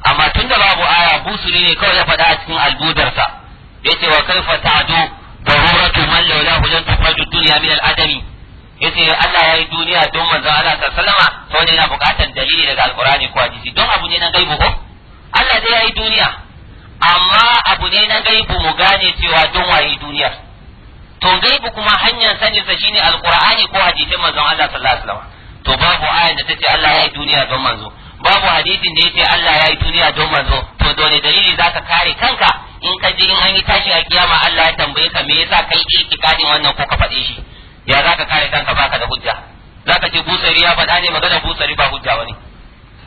amma tun da babu aya busuri ne kawai ya faɗa a cikin albudarsa ce wa kaifa ta'du daruratu man laula hujan tafaju dunya min al-adami yace Allah yayi duniya don manzo Allah sallama to ne yana buƙatar dalili daga alqur'ani ko hadisi don abu ne na gaibu ko Allah dai yayi duniya amma abu ne na gaibu mu gane cewa don waye duniyar to gaibu kuma hanyar sanin sa shine alqur'ani ko hadisin manzo Allah sallallahu alaihi wasallam to babu ayar da tace Allah yayi duniya don manzo babu hadisin da yace Allah ya yi duniya don manzo to dole dalili zaka kare kanka in ka ji in an yi tashi a kiyama Allah ya tambaye ka me yasa kai itikadin wannan ko ka faɗe shi ya zaka kare kanka baka da hujja zaka ce busari ya faɗa ne magana busari ba hujja wani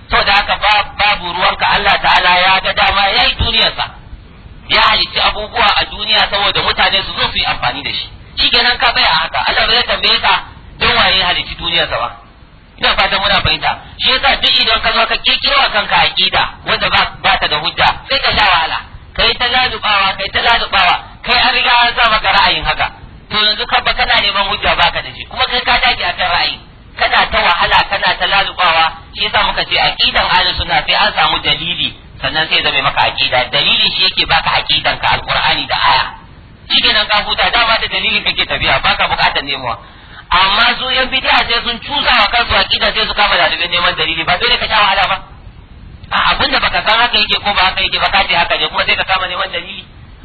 to da haka babu ruwanka Allah ta'ala ya ga dama ya yi duniyarsa ya halicci abubuwa a duniya saboda mutane su zo su yi amfani da shi shi kenan ka tsaya haka Allah bai tambaye ka don waye halicci duniyarsa ba ina fata muna fahimta shi yasa duk idan ka zo ka kirkiro kanka aqida wanda ba ba ta da hujja sai ka sha wahala kai ta lalubawa kai ta lalubawa kai an riga an sa maka ra'ayin haka to yanzu ka ba kana neman hujja ba ka da shi kuma kai ka dage akan ra'ayi kana ta wahala kana ta lalubawa shi yasa muka ce aqidan ahlus sunna sai an samu dalili sannan sai zame maka aqida dalili shi yake baka aqidan ka alqur'ani da aya shi kenan ka huta dama da dalili kake tafiya baka bukatar nemowa amma su yan sai sun cusa wa kansu aqida sai su kama dalilin neman dalili ba dole ka sha wahala ba a abinda baka san haka yake ko ba haka yake ba ka haka ne kuma sai ka kama neman dalili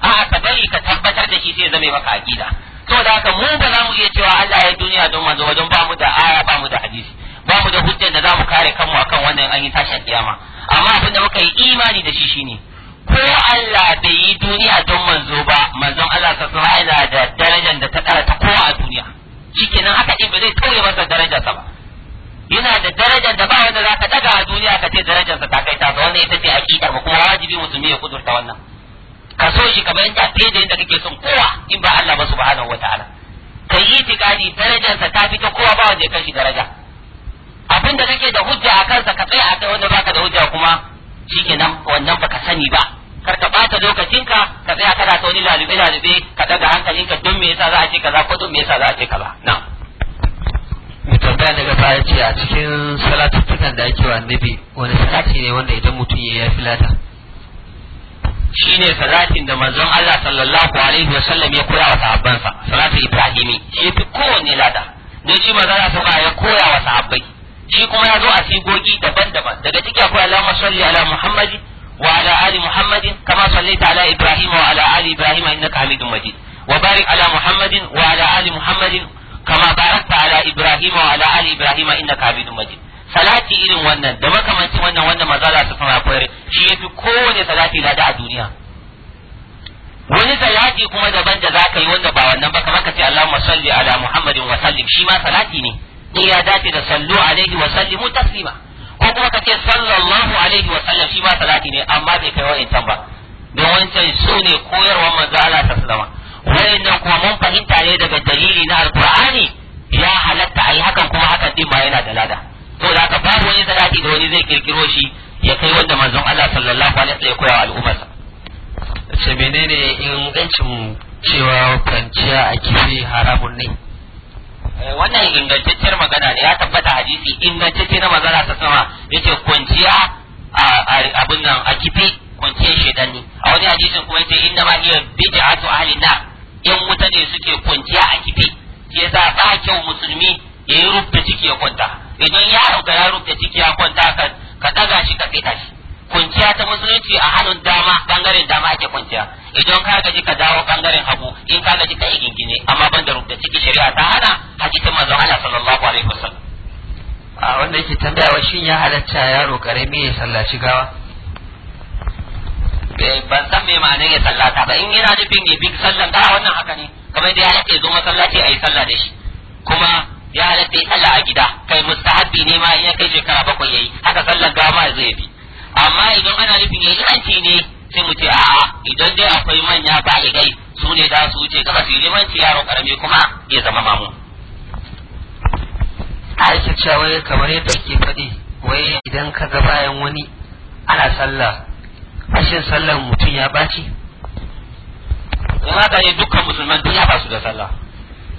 a ka bari ka tabbatar da shi sai zame maka aqida saboda haka mu ba za mu iya cewa Allah ya duniya don manzo wajen ba mu da aya ba mu da hadisi ba mu da hujjar da za mu kare kanmu akan wannan an yi tashin kiyama amma abin da muka yi imani da shi shine ko Allah bai yi duniya don manzo ba manzon Allah ta yana da darajar da ta ɗara ta kowa a duniya shikenan haka din ba zai tauye masa darajarsa ba yana da darajar da ba wanda za ka daga a duniya ka ce darajarsa ta kai ta wannan ita ce aqidar ba kuma wajibi musulmi ya kudurta wannan ka so shi kamar yadda fiye da yadda kake son kowa in ba Allah ba subhanahu wataala kai itikadi darajarsa ta fita kowa ba wanda ya kai shi daraja abinda kake da hujja a kansa ka tsaya a kai wanda baka da hujja kuma shikenan wannan baka sani ba karka ka bata lokacinka ka tsaya kana ta wani lalube lalube ka daga hankalinka don me yasa za a ce kaza ko don me yasa za a ce kaza na. mai tambaya daga baya ce a cikin salatuttukan da ake wa annabi wani salati ne wanda idan mutum ya yi filata shine salatin da manzon Allah sallallahu alaihi wa sallam ya koya wa sahabbansa salatu ibrahimi shi fi kowanne lada don shi manzon Allah sallallahu ya koya wa sahabbai shi kuma ya zo a sigogi daban-daban daga ciki akwai Allahumma salli ala Muhammadin وعلى آل محمد كما صليت على إبراهيم وعلى آل إبراهيم إنك حميد مجيد وبارك على محمد وعلى آل محمد كما باركت على إبراهيم وعلى آل إبراهيم إنك حميد مجيد salati irin wannan da makamancin wannan wanda maza za su fara koyar shi ya fi kowane salati lada a duniya wani salati kuma daban da za ka yi wanda ba wannan ba kamar ka ce Allahumma salli ala Muhammadin wa shi ma salati ne in ya dace da sallu kuma ka ce sallallahu alaihi wa sallam shi ba salati ne amma bai kai wa'incan ba don wancan su ne koyarwar manzo Allah ta sallama nan kuma mun fahimta ne daga dalili na alqur'ani ya halatta ayi hakan kuma hakan din ba yana da lada to da haka babu wani salati da wani zai kirkiro shi ya kai wanda manzon Allah sallallahu alaihi wa sallam ya koya al'umma al'ummarsa ce menene in cewa kwanciya a kifi haramun ne Eh, wannan ingantacciyar magana ne ya tabbata hadisi ingantacce na magana ta sama yace kwanciya abin nan a kifi kwanciyar shaidanni a wani hadisin kuma yace inda ma hiya bid'atu ahli nar yan wuta ne suke kwanciya a kifi shi yasa ba kyau musulmi ya yi rubda ciki ya kwanta idan ya ga ya rubda ciki ya kwanta ka ka daga shi ka fita shi kwanciya ta musulunci a hannun dama bangaren dama ake kwanciya idan ka ji ka dawo bangaren abu in ka ji ka yi gingine amma ban da rubda ciki shari'a ta hana ta manzon Allah sallallahu alaihi wasallam a wanda yake tambayawa shin ya halatta yaro karami ya sallaci gawa eh, ban san me ma'anar ya sallata ba in yana nufin ya bi sallan ta wannan haka ne kamar da ya halatta ya zo masallaci a yi sallah da shi kuma ya halatta ya sallah a gida kai mustahabi ne ma in ya kai shekara bakwai yayi haka sallan gawa ma ya zo ya bi amma idan ana nufin ya yi ne sai mu ce a'a idan dai akwai manya ba gai su ne za su wuce gaba su yi ci yaro karami kuma ya zama mamu Aisha cewa kamar yadda ke faɗi wai idan ka ga bayan wani ana sallah fashin sallar mutum ya ɓaci haka ne dukkan musulman duniya ba su da sallah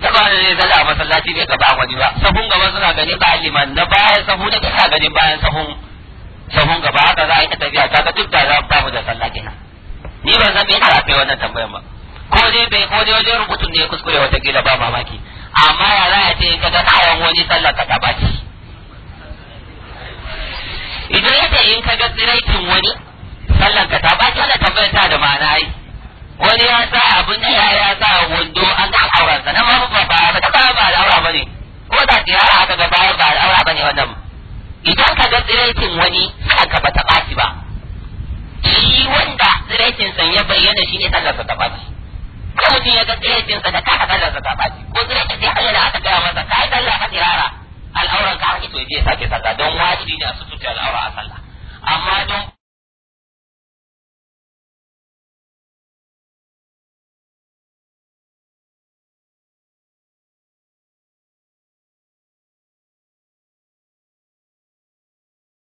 ta ba ne sallah a masallaci bai gaba wani ba sahun gaba suna ganin ba liman na bayan sahu da kana ganin bayan sahun sahun gaba haka za a yi ta ga duk da za ba mu da sallah kenan ni ban san me yasa aka yi wannan tambayar ba ko dai bai ko dai wajen rubutun ne kuskure wata gida ba mamaki amma ya za a ce kaga kayan wani sallah ka ta baci idan yadda in ka ga tsiraitin wani sallan ka ta baki ana tambayar ta da ma'ana yi wani ya sa abin da ya sa wando an ga auren sa na ma ba ba ba ta ba da aura ne ko da tiyara aka ga ba ba da aura ne wannan idan ka ga tsiraitin wani ka ba ta ɓaci ba shi wanda tsiraitin san ya bayyana shi ne sa ta ɓaci ko mutum ya ga tsiraitin sa da ka sa ta ɓaci ko tsiraitin sai hanyar a aka gaya masa ka yi sallah ka tsirara al'auran ka haka to ya sake sallah don wajibi ne a sutura al'aura a sallah amma don